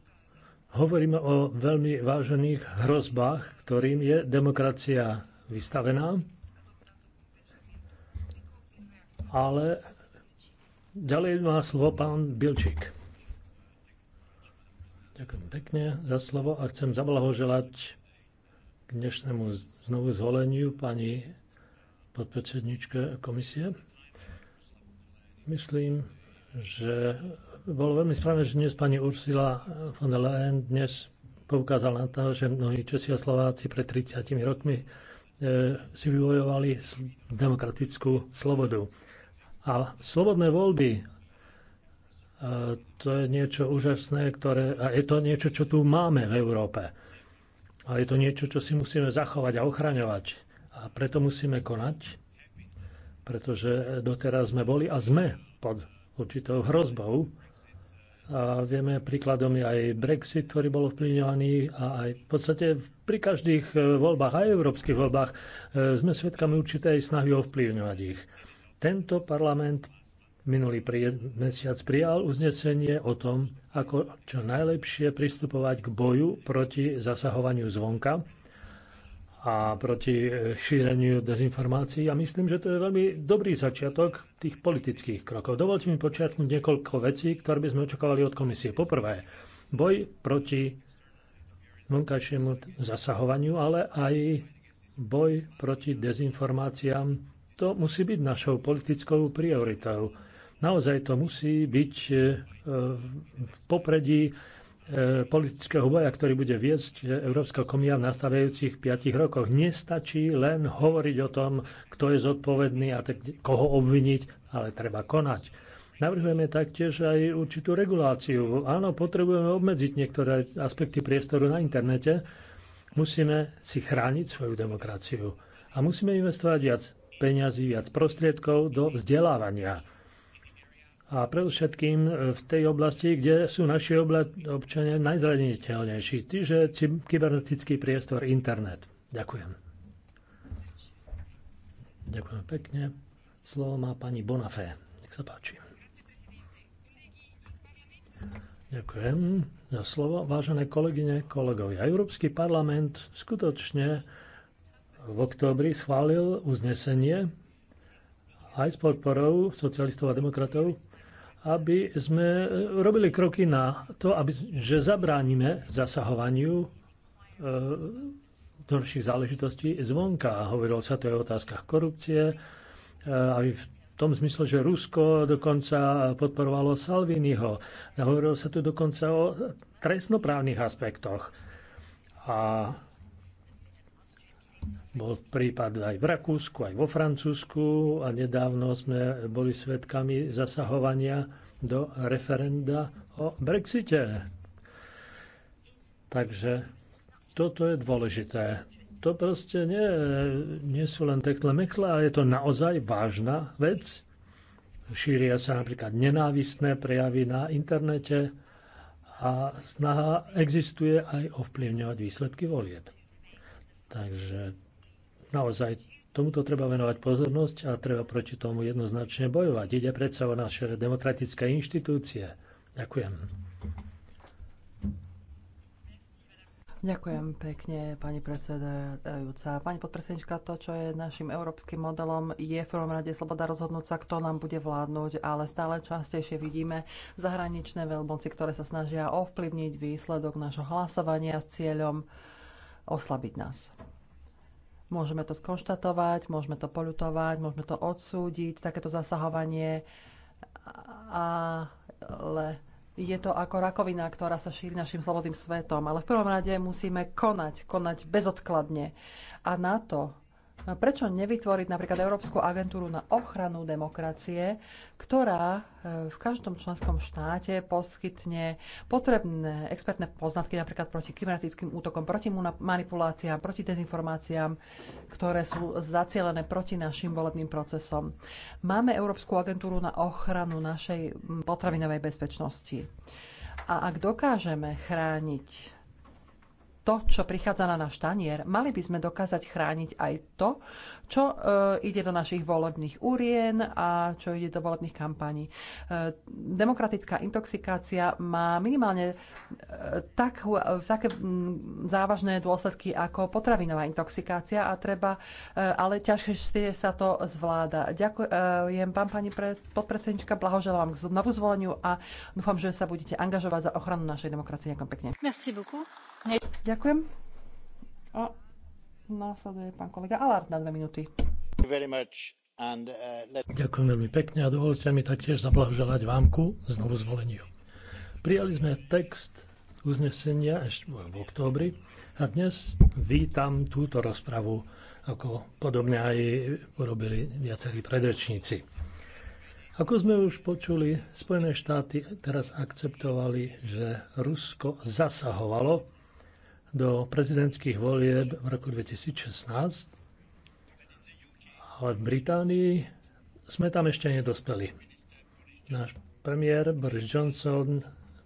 [SPEAKER 3] hovoríme o veľmi vážených hrozbách, ktorým je demokracia vystavená ale ďalej má slovo pán Bilčík. Ďakujem pekne za slovo a chcem zablahoželať k dnešnému znovu zvoleniu pani podpredsedničke komisie. Myslím, že bolo veľmi správne, že dnes pani Ursula von der Leyen dnes poukázala na to, že mnohí Česi a Slováci pred 30 rokmi e, si vybojovali demokratickú slobodu. A slobodné voľby, e, to je niečo úžasné, ktoré, a je to niečo, čo tu máme v Európe. Ale je to niečo, čo si musíme zachovať a ochraňovať. A preto musíme konať, pretože doteraz sme boli a sme pod určitou hrozbou. A vieme príkladom aj Brexit, ktorý bol vplyňovaný a aj v podstate pri každých e, voľbách, aj európskych voľbách, e, sme svedkami určitej snahy ovplyvňovať ich. Tento parlament minulý mesiac prijal uznesenie o tom, ako čo najlepšie pristupovať k boju proti zasahovaniu zvonka a proti e, šíreniu dezinformácií. A myslím, že to je veľmi dobrý začiatok tých politických krokov. Dovolte mi počiatnúť niekoľko vecí, ktoré by sme očakávali od komisie. Poprvé, boj proti vonkajšiemu zasahovaniu, ale aj boj proti dezinformáciám to musí byť našou politickou prioritou. Naozaj to musí byť e, v popredí e, politického boja, ktorý bude viesť e, Európska komia v nastávajúcich 5 rokoch. Nestačí len hovoriť o tom, kto je zodpovedný a tak, koho obviniť, ale treba konať. Navrhujeme taktiež aj určitú reguláciu. Áno, potrebujeme obmedziť niektoré aspekty priestoru na internete. Musíme si chrániť svoju demokraciu. A musíme investovať viac peňazí, viac prostriedkov do vzdelávania. A predovšetkým v tej oblasti, kde sú naši občania najzraniteľnejší, čiže kybernetický priestor, internet. Ďakujem. Ďakujem pekne. Slovo má pani Bonafé. Nech sa páči. Ďakujem za slovo. Vážené kolegyne, kolegovia, Európsky parlament skutočne v októbri schválil uznesenie aj s podporou socialistov a demokratov, aby sme robili kroky na to, aby, že zabránime zasahovaniu e, dorších záležitostí zvonka. Hovorilo sa to aj o otázkach korupcie, e, aj v tom zmysle, že Rusko dokonca podporovalo Salviniho. Hovorilo sa tu dokonca o trestnoprávnych aspektoch. A bol prípad aj v Rakúsku, aj vo Francúzsku a nedávno sme boli svedkami zasahovania do referenda o Brexite. Takže toto je dôležité. To proste nie, nie sú len tekle mekle, ale je to naozaj vážna vec. Šíria sa napríklad nenávistné prejavy na internete a snaha existuje aj ovplyvňovať výsledky volieb. Takže Naozaj tomuto treba venovať pozornosť a treba proti tomu jednoznačne bojovať. Ide predsa o naše demokratické inštitúcie. Ďakujem.
[SPEAKER 2] Ďakujem pekne, pani predsedajúca. Pani podpredsednička, to, čo je našim európskym modelom, je v prvom rade sloboda rozhodnúť sa, kto nám bude vládnuť, ale stále častejšie vidíme zahraničné veľmoci, ktoré sa snažia ovplyvniť výsledok nášho hlasovania s cieľom oslabiť nás. Môžeme to skonštatovať, môžeme to polutovať, môžeme to odsúdiť, takéto zasahovanie, ale je to ako rakovina, ktorá sa šíri našim slobodným svetom. Ale v prvom rade musíme konať, konať bezodkladne. A na to, Prečo nevytvoriť napríklad Európsku agentúru na ochranu demokracie, ktorá e, v každom členskom štáte poskytne potrebné expertné poznatky napríklad proti klimatickým útokom, proti manipuláciám, proti dezinformáciám, ktoré sú zacielené proti našim volebným procesom. Máme Európsku agentúru na ochranu našej potravinovej bezpečnosti. A ak dokážeme chrániť to, čo prichádza na náš tanier, mali by sme dokázať chrániť aj to, čo e, ide do našich volebných úrien a čo ide do volebných kampaní. E, demokratická intoxikácia má minimálne e, tak, e, také m, závažné dôsledky ako potravinová intoxikácia a treba, e, ale ťažšie sa to zvláda. Ďakujem vám, pani podpredsednička, blahoželám k znovu zvoleniu a dúfam, že sa budete angažovať za ochranu našej demokracie. Ďakujem pekne. Merci beaucoup. Ďakujem. A následuje pán kolega Alard na dve minúty. Uh,
[SPEAKER 3] Ďakujem veľmi pekne a dovolte mi taktiež zablahoželať vám ku znovu zvoleniu. Prijali sme text uznesenia ešte v októbri a dnes vítam túto rozpravu, ako podobne aj urobili viacerí predrečníci. Ako sme už počuli, Spojené štáty teraz akceptovali, že Rusko zasahovalo do prezidentských volieb v roku 2016, ale v Británii sme tam ešte nedospeli. Náš premiér Boris Johnson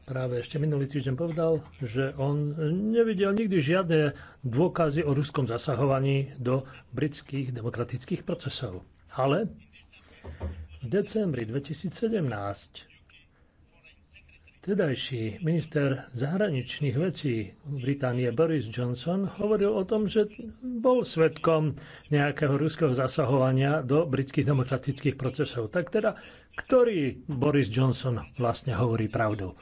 [SPEAKER 3] práve ešte minulý týždeň povedal, že on nevidel nikdy žiadne dôkazy o ruskom zasahovaní do britských demokratických procesov. Ale v decembri 2017 Tedajší minister zahraničných vecí Británie Boris Johnson hovoril o tom, že bol svetkom nejakého ruského zasahovania do britských demokratických procesov. Tak teda, ktorý Boris Johnson vlastne hovorí pravdu?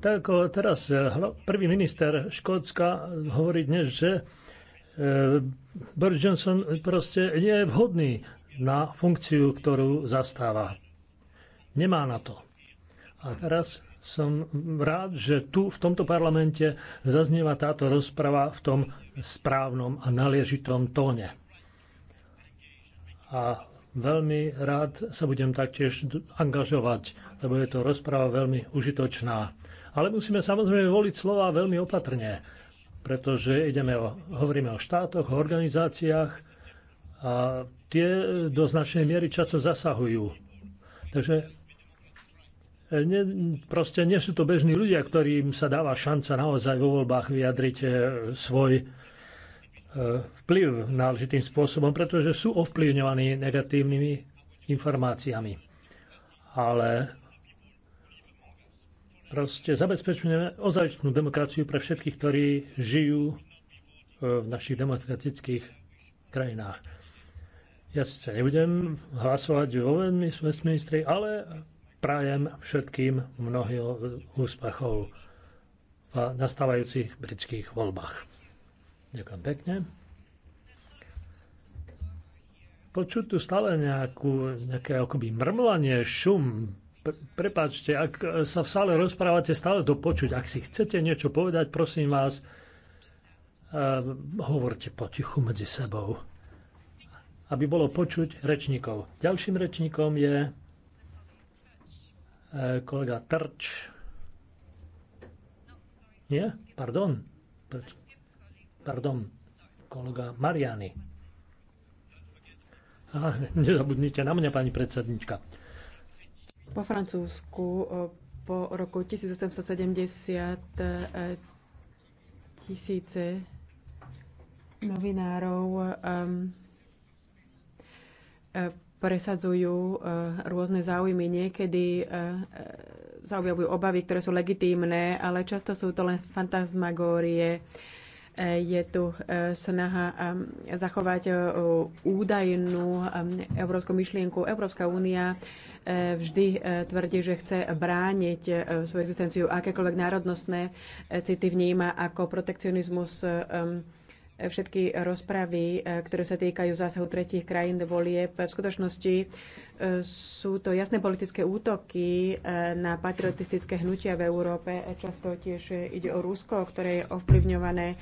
[SPEAKER 3] Tak ako teraz eh, prvý minister Škótska hovorí dnes, že eh, Boris Johnson proste nie je vhodný na funkciu, ktorú zastáva. Nemá na to. A teraz som rád, že tu v tomto parlamente zaznieva táto rozprava v tom správnom a naliežitom tóne. A veľmi rád sa budem taktiež angažovať, lebo je to rozprava veľmi užitočná. Ale musíme samozrejme voliť slova veľmi opatrne, pretože ideme o, hovoríme o štátoch, o organizáciách a tie do značnej miery často zasahujú. Takže E, ne, proste nie sú to bežní ľudia, ktorým sa dáva šanca naozaj vo voľbách vyjadriť e, svoj e, vplyv náležitým spôsobom, pretože sú ovplyvňovaní negatívnymi informáciami. Ale proste zabezpečujeme ozajstnú demokraciu pre všetkých, ktorí žijú v našich demokratických krajinách. Ja sice nebudem hlasovať o ministri, ale Prajem všetkým mnoho úspechov v nastávajúcich britských voľbách. Ďakujem pekne. Počuť tu stále nejakú, nejaké akoby mrmlanie, šum. Prepačte, ak sa v sále rozprávate, stále to počuť. Ak si chcete niečo povedať, prosím vás, uh, hovorte potichu medzi sebou, aby bolo počuť rečníkov. Ďalším rečníkom je Eh, kolega Trč. Nie? Pardon. Pardon. Kolega Mariany. A nezabudnite na mňa, pani predsednička.
[SPEAKER 1] Po Francúzsku eh, po roku 1870 eh, tisíce novinárov um, presadzujú e, rôzne záujmy. Niekedy e, e, zaujavujú obavy, ktoré sú legitímne, ale často sú to len fantasmagórie. Je tu snaha zachovať údajnú európsku myšlienku. Európska únia vždy tvrdí, že chce brániť svoju existenciu. Akékoľvek národnostné city vníma ako protekcionizmus všetky rozpravy, e, ktoré sa týkajú zásahu tretích krajín do volieb. V skutočnosti e, sú to jasné politické útoky e, na patriotistické hnutia v Európe. Často tiež ide o Rusko, ktoré je ovplyvňované,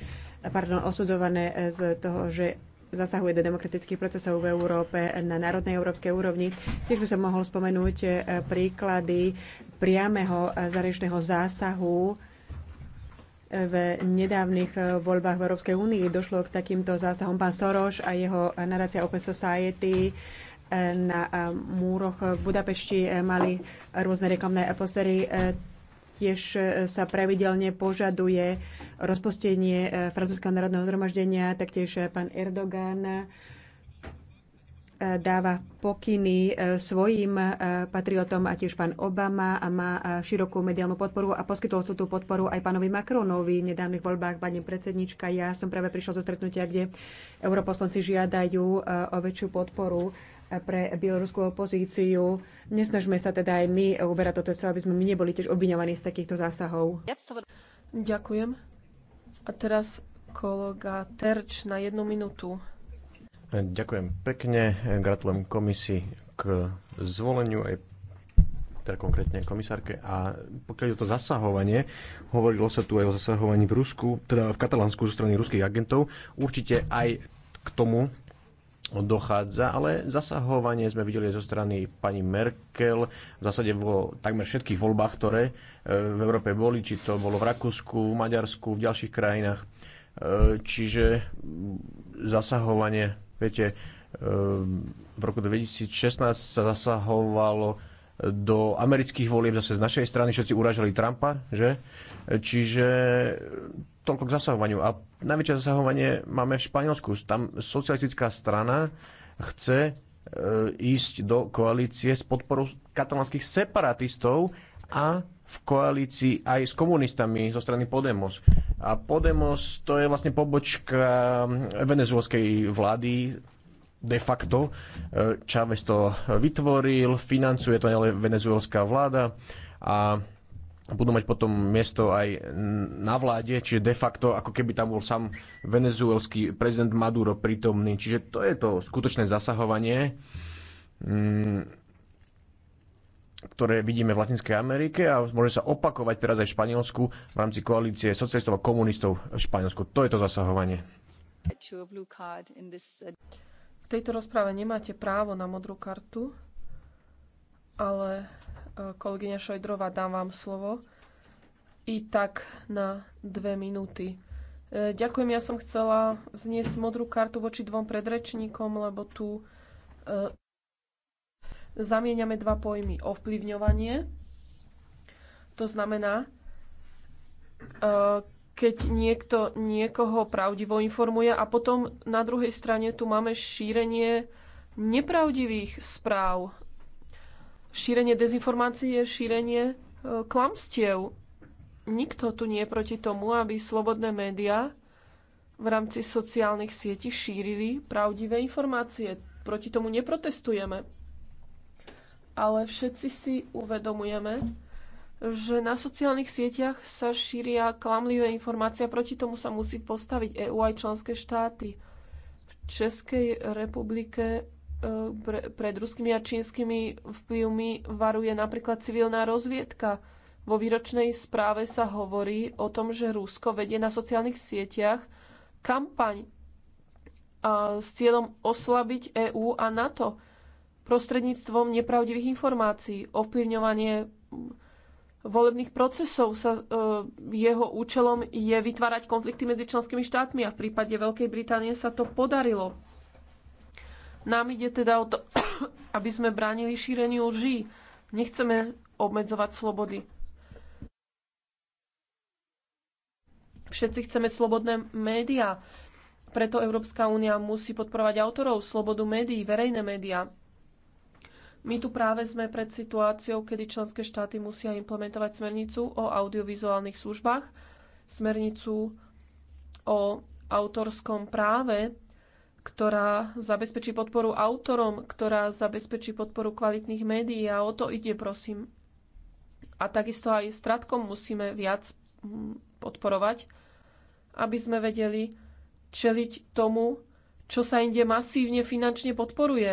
[SPEAKER 1] pardon, osudzované z toho, že zasahuje do demokratických procesov v Európe na národnej európskej úrovni. Tiež by som mohol spomenúť príklady priameho zahraničného zásahu v nedávnych eh, voľbách v Európskej únii došlo k takýmto zásahom. Pán Soros a jeho nadácia Open Society eh, na eh, múroch v Budapešti mali rôzne reklamné postery. Tiež sa pravidelne požaduje rozpustenie francúzského národného zhromaždenia, taktiež pán Erdogan dáva pokyny e, svojim e, patriotom a tiež pán Obama a má e, širokú mediálnu podporu a poskytol sú tú podporu aj pánovi Macronovi v nedávnych voľbách. Pani predsednička, ja som práve prišla zo stretnutia, kde europoslanci žiadajú o väčšiu podporu pre bieloruskú opozíciu. Nesnažme sa teda aj my uberať toto aby sme my neboli tiež obviňovaní z takýchto
[SPEAKER 4] zásahov. Ďakujem. A teraz kolega Terč na jednu minútu.
[SPEAKER 5] Ďakujem pekne, gratulujem komisii k zvoleniu aj teda konkrétne komisárke. A pokiaľ je to zasahovanie, hovorilo sa tu aj o zasahovaní v Rusku, teda v Katalánsku zo strany ruských agentov, určite aj k tomu dochádza, ale zasahovanie sme videli zo strany pani Merkel v zásade vo takmer všetkých voľbách, ktoré e, v Európe boli, či to bolo v Rakúsku, v Maďarsku, v ďalších krajinách. E, čiže zasahovanie Viete, ehm, v roku 2016 sa zasahovalo do amerických volieb zase z našej strany, všetci uražali Trumpa, že? Čiže ehm, toľko k zasahovaniu. A najväčšie zasahovanie máme v Španielsku. Tam socialistická strana chce ehm, ísť do koalície s podporou katalánskych separatistov a v koalícii aj s komunistami zo strany Podemos. A Podemos to je vlastne pobočka mm, venezuelskej vlády de facto. E, Chávez to vytvoril, financuje to ale venezuelská vláda a budú mať potom miesto aj na vláde, čiže de facto ako keby tam bol sám venezuelský prezident Maduro prítomný. Čiže to je to skutočné zasahovanie. Mm, ktoré vidíme v Latinskej Amerike a môže sa opakovať teraz aj v Španielsku v rámci koalície socialistov a komunistov v Španielsku. To je to zasahovanie.
[SPEAKER 4] V tejto rozprave nemáte právo na modrú kartu, ale e, kolegyňa Šojdrova, dám vám slovo. I tak na dve minúty. E, ďakujem, ja som chcela zniesť modrú kartu voči dvom predrečníkom, lebo tu e, zamieňame dva pojmy. Ovplyvňovanie, to znamená, e, keď niekto niekoho pravdivo informuje a potom na druhej strane tu máme šírenie nepravdivých správ, šírenie dezinformácie, šírenie e, klamstiev. Nikto tu nie je proti tomu, aby slobodné médiá v rámci sociálnych sietí šírili pravdivé informácie. Proti tomu neprotestujeme ale všetci si uvedomujeme, že na sociálnych sieťach sa šíria klamlivé informácie a proti tomu sa musí postaviť EÚ aj členské štáty. V Českej republike e, pred ruskými a čínskymi vplyvmi varuje napríklad civilná rozviedka. Vo výročnej správe sa hovorí o tom, že Rusko vedie na sociálnych sieťach kampaň s cieľom oslabiť EÚ a NATO prostredníctvom nepravdivých informácií. Ovplyvňovanie volebných procesov sa, e, jeho účelom je vytvárať konflikty medzi členskými štátmi a v prípade Veľkej Británie sa to podarilo. Nám ide teda o to, aby sme bránili šíreniu lží. Nechceme obmedzovať slobody. Všetci chceme slobodné médiá. Preto Európska únia musí podporovať autorov, slobodu médií, verejné médiá. My tu práve sme pred situáciou, kedy členské štáty musia implementovať smernicu o audiovizuálnych službách, smernicu o autorskom práve, ktorá zabezpečí podporu autorom, ktorá zabezpečí podporu kvalitných médií a o to ide, prosím. A takisto aj stratkom musíme viac mm, podporovať, aby sme vedeli čeliť tomu, čo sa inde masívne finančne podporuje.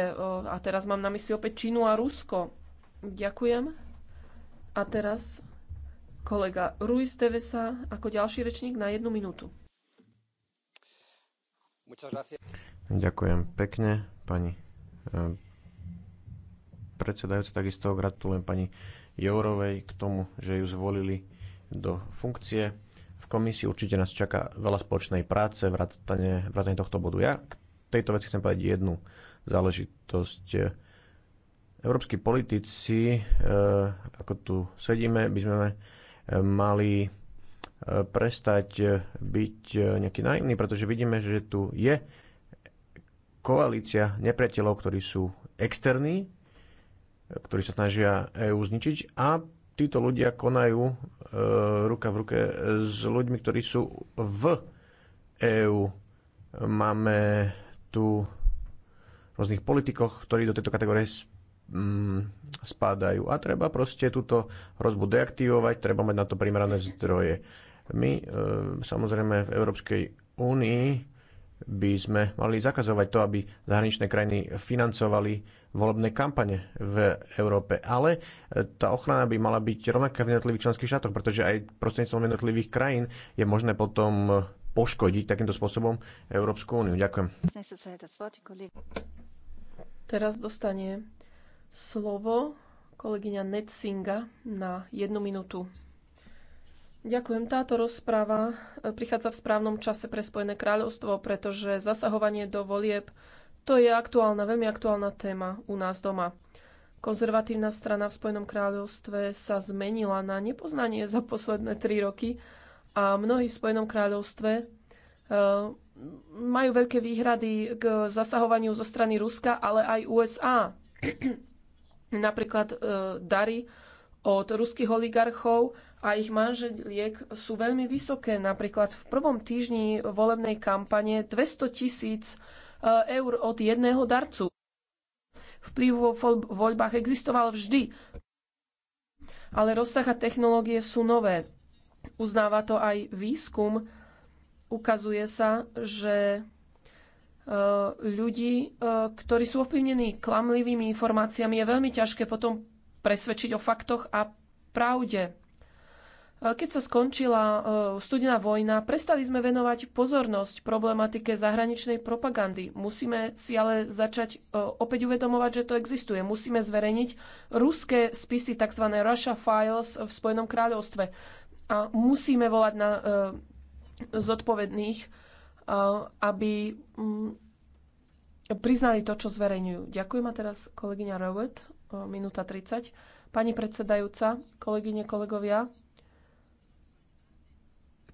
[SPEAKER 4] A teraz mám na mysli opäť Čínu a Rusko. Ďakujem. A teraz kolega Ruiz Tevesa ako ďalší rečník na jednu minútu.
[SPEAKER 5] Ďakujem pekne, pani e, predsedajúca. Takisto gratulujem pani Jourovej k tomu, že ju zvolili do funkcie. V komisii určite nás čaká veľa spoločnej práce, vrátane, vrátane tohto bodu. Ja k tejto veci chcem povedať jednu záležitosť. Európsky politici, e, ako tu sedíme, by sme e, mali e, prestať byť nejaký naivní, pretože vidíme, že tu je koalícia nepriateľov, ktorí sú externí, ktorí sa snažia EÚ zničiť a títo ľudia konajú e, ruka v ruke s ľuďmi, ktorí sú v EÚ. Máme tu rôznych politikoch, ktorí do tejto kategórie mm, spadajú. A treba proste túto hrozbu deaktivovať, treba mať na to primerané zdroje. My e, samozrejme v Európskej únii by sme mali zakazovať to, aby zahraničné krajiny financovali volebné kampane v Európe. Ale e, tá ochrana by mala byť rovnaká v jednotlivých členských štátoch, pretože aj prostredníctvom jednotlivých krajín je možné potom poškodiť takýmto spôsobom Európsku úniu. Ďakujem.
[SPEAKER 4] Teraz dostane slovo kolegyňa Netsinga na jednu minútu. Ďakujem. Táto rozpráva e, prichádza v správnom čase pre Spojené kráľovstvo, pretože zasahovanie do volieb to je aktuálna, veľmi aktuálna téma u nás doma. Konzervatívna strana v Spojenom kráľovstve sa zmenila na nepoznanie za posledné tri roky a mnohí v Spojenom kráľovstve eh, majú veľké výhrady k zasahovaniu zo strany Ruska, ale aj USA. Napríklad eh, dary od ruských oligarchov a ich manželiek sú veľmi vysoké. Napríklad v prvom týždni volebnej kampane 200 tisíc eh, eur od jedného darcu. Vplyv vo voľbách existoval vždy, ale rozsah a technológie sú nové. Uznáva to aj výskum. Ukazuje sa, že e, ľudí, e, ktorí sú ovplyvnení klamlivými informáciami, je veľmi ťažké potom presvedčiť o faktoch a pravde. E, keď sa skončila studená vojna, prestali sme venovať pozornosť problematike zahraničnej propagandy. Musíme si ale začať opäť uvedomovať, že to existuje. Musíme zverejniť ruské spisy, tzv. Russia Files v Spojenom kráľovstve. A musíme volať na e, zodpovedných, e, aby mm, priznali to, čo zverejňujú. Ďakujem a teraz kolegyňa Rowett, e, minúta 30. Pani predsedajúca, kolegyne, kolegovia,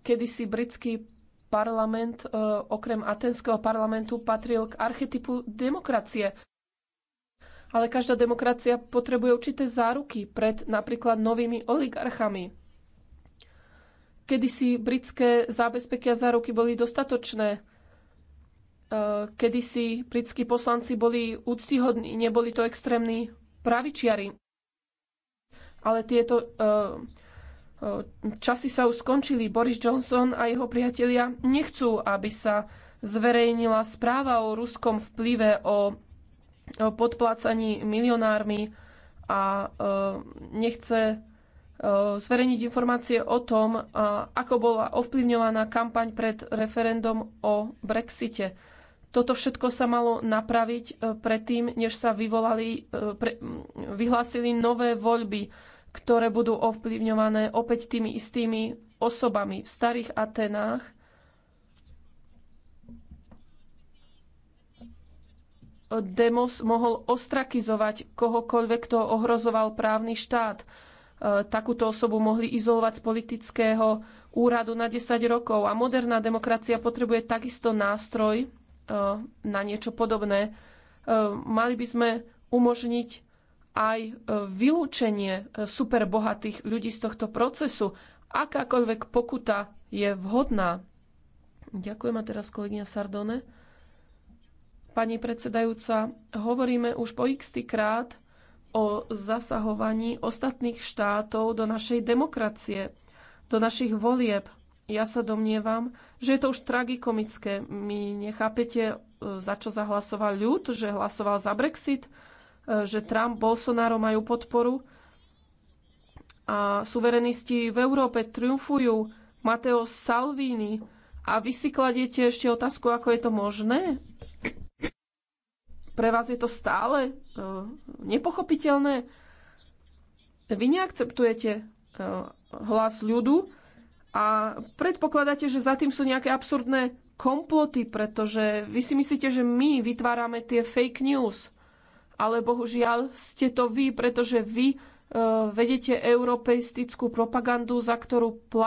[SPEAKER 4] kedysi britský parlament okrem atenského parlamentu patril k archetypu demokracie. Ale každá demokracia potrebuje určité záruky pred napríklad novými oligarchami. Kedysi britské zábezpeky a záruky boli dostatočné. E, kedysi britskí poslanci boli úctyhodní, neboli to extrémni pravičiari. Ale tieto e, e, časy sa už skončili. Boris Johnson a jeho priatelia nechcú, aby sa zverejnila správa o ruskom vplyve, o podplácaní milionármi a nechce Eh, zverejniť informácie o tom, eh, ako bola ovplyvňovaná kampaň pred referendum o Brexite. Toto všetko sa malo napraviť eh, predtým, než sa vyvolali, pre, vyhlásili nové voľby, ktoré budú ovplyvňované opäť tými istými osobami v starých Atenách. Demos mohol ostrakizovať kohokoľvek, kto ohrozoval právny štát Eh, takúto osobu mohli izolovať z politického úradu na 10 rokov. A moderná demokracia potrebuje takisto nástroj eh, na niečo podobné. Eh, mali by sme umožniť aj vylúčenie superbohatých ľudí z tohto procesu. Akákoľvek pokuta je vhodná. Ďakujem a teraz kolegyňa Sardone. Pani predsedajúca, hovoríme už po x krát, o zasahovaní ostatných štátov do našej demokracie, do našich volieb. Ja sa domnievam, že je to už tragikomické. My nechápete, e, za čo zahlasoval ľud, že hlasoval za Brexit, e, že Trump, Bolsonaro majú podporu. A suverenisti v Európe triumfujú. Matteo Salvini. A vy si kladiete ešte otázku, ako je to možné? Pre vás je to stále e, nepochopiteľné? Vy neakceptujete e, hlas ľudu a predpokladáte, že za tým sú nejaké absurdné komploty, pretože vy si myslíte, že my vytvárame tie fake news. Ale bohužiaľ ste to vy, pretože vy e, vedete europeistickú propagandu, za ktorú platí.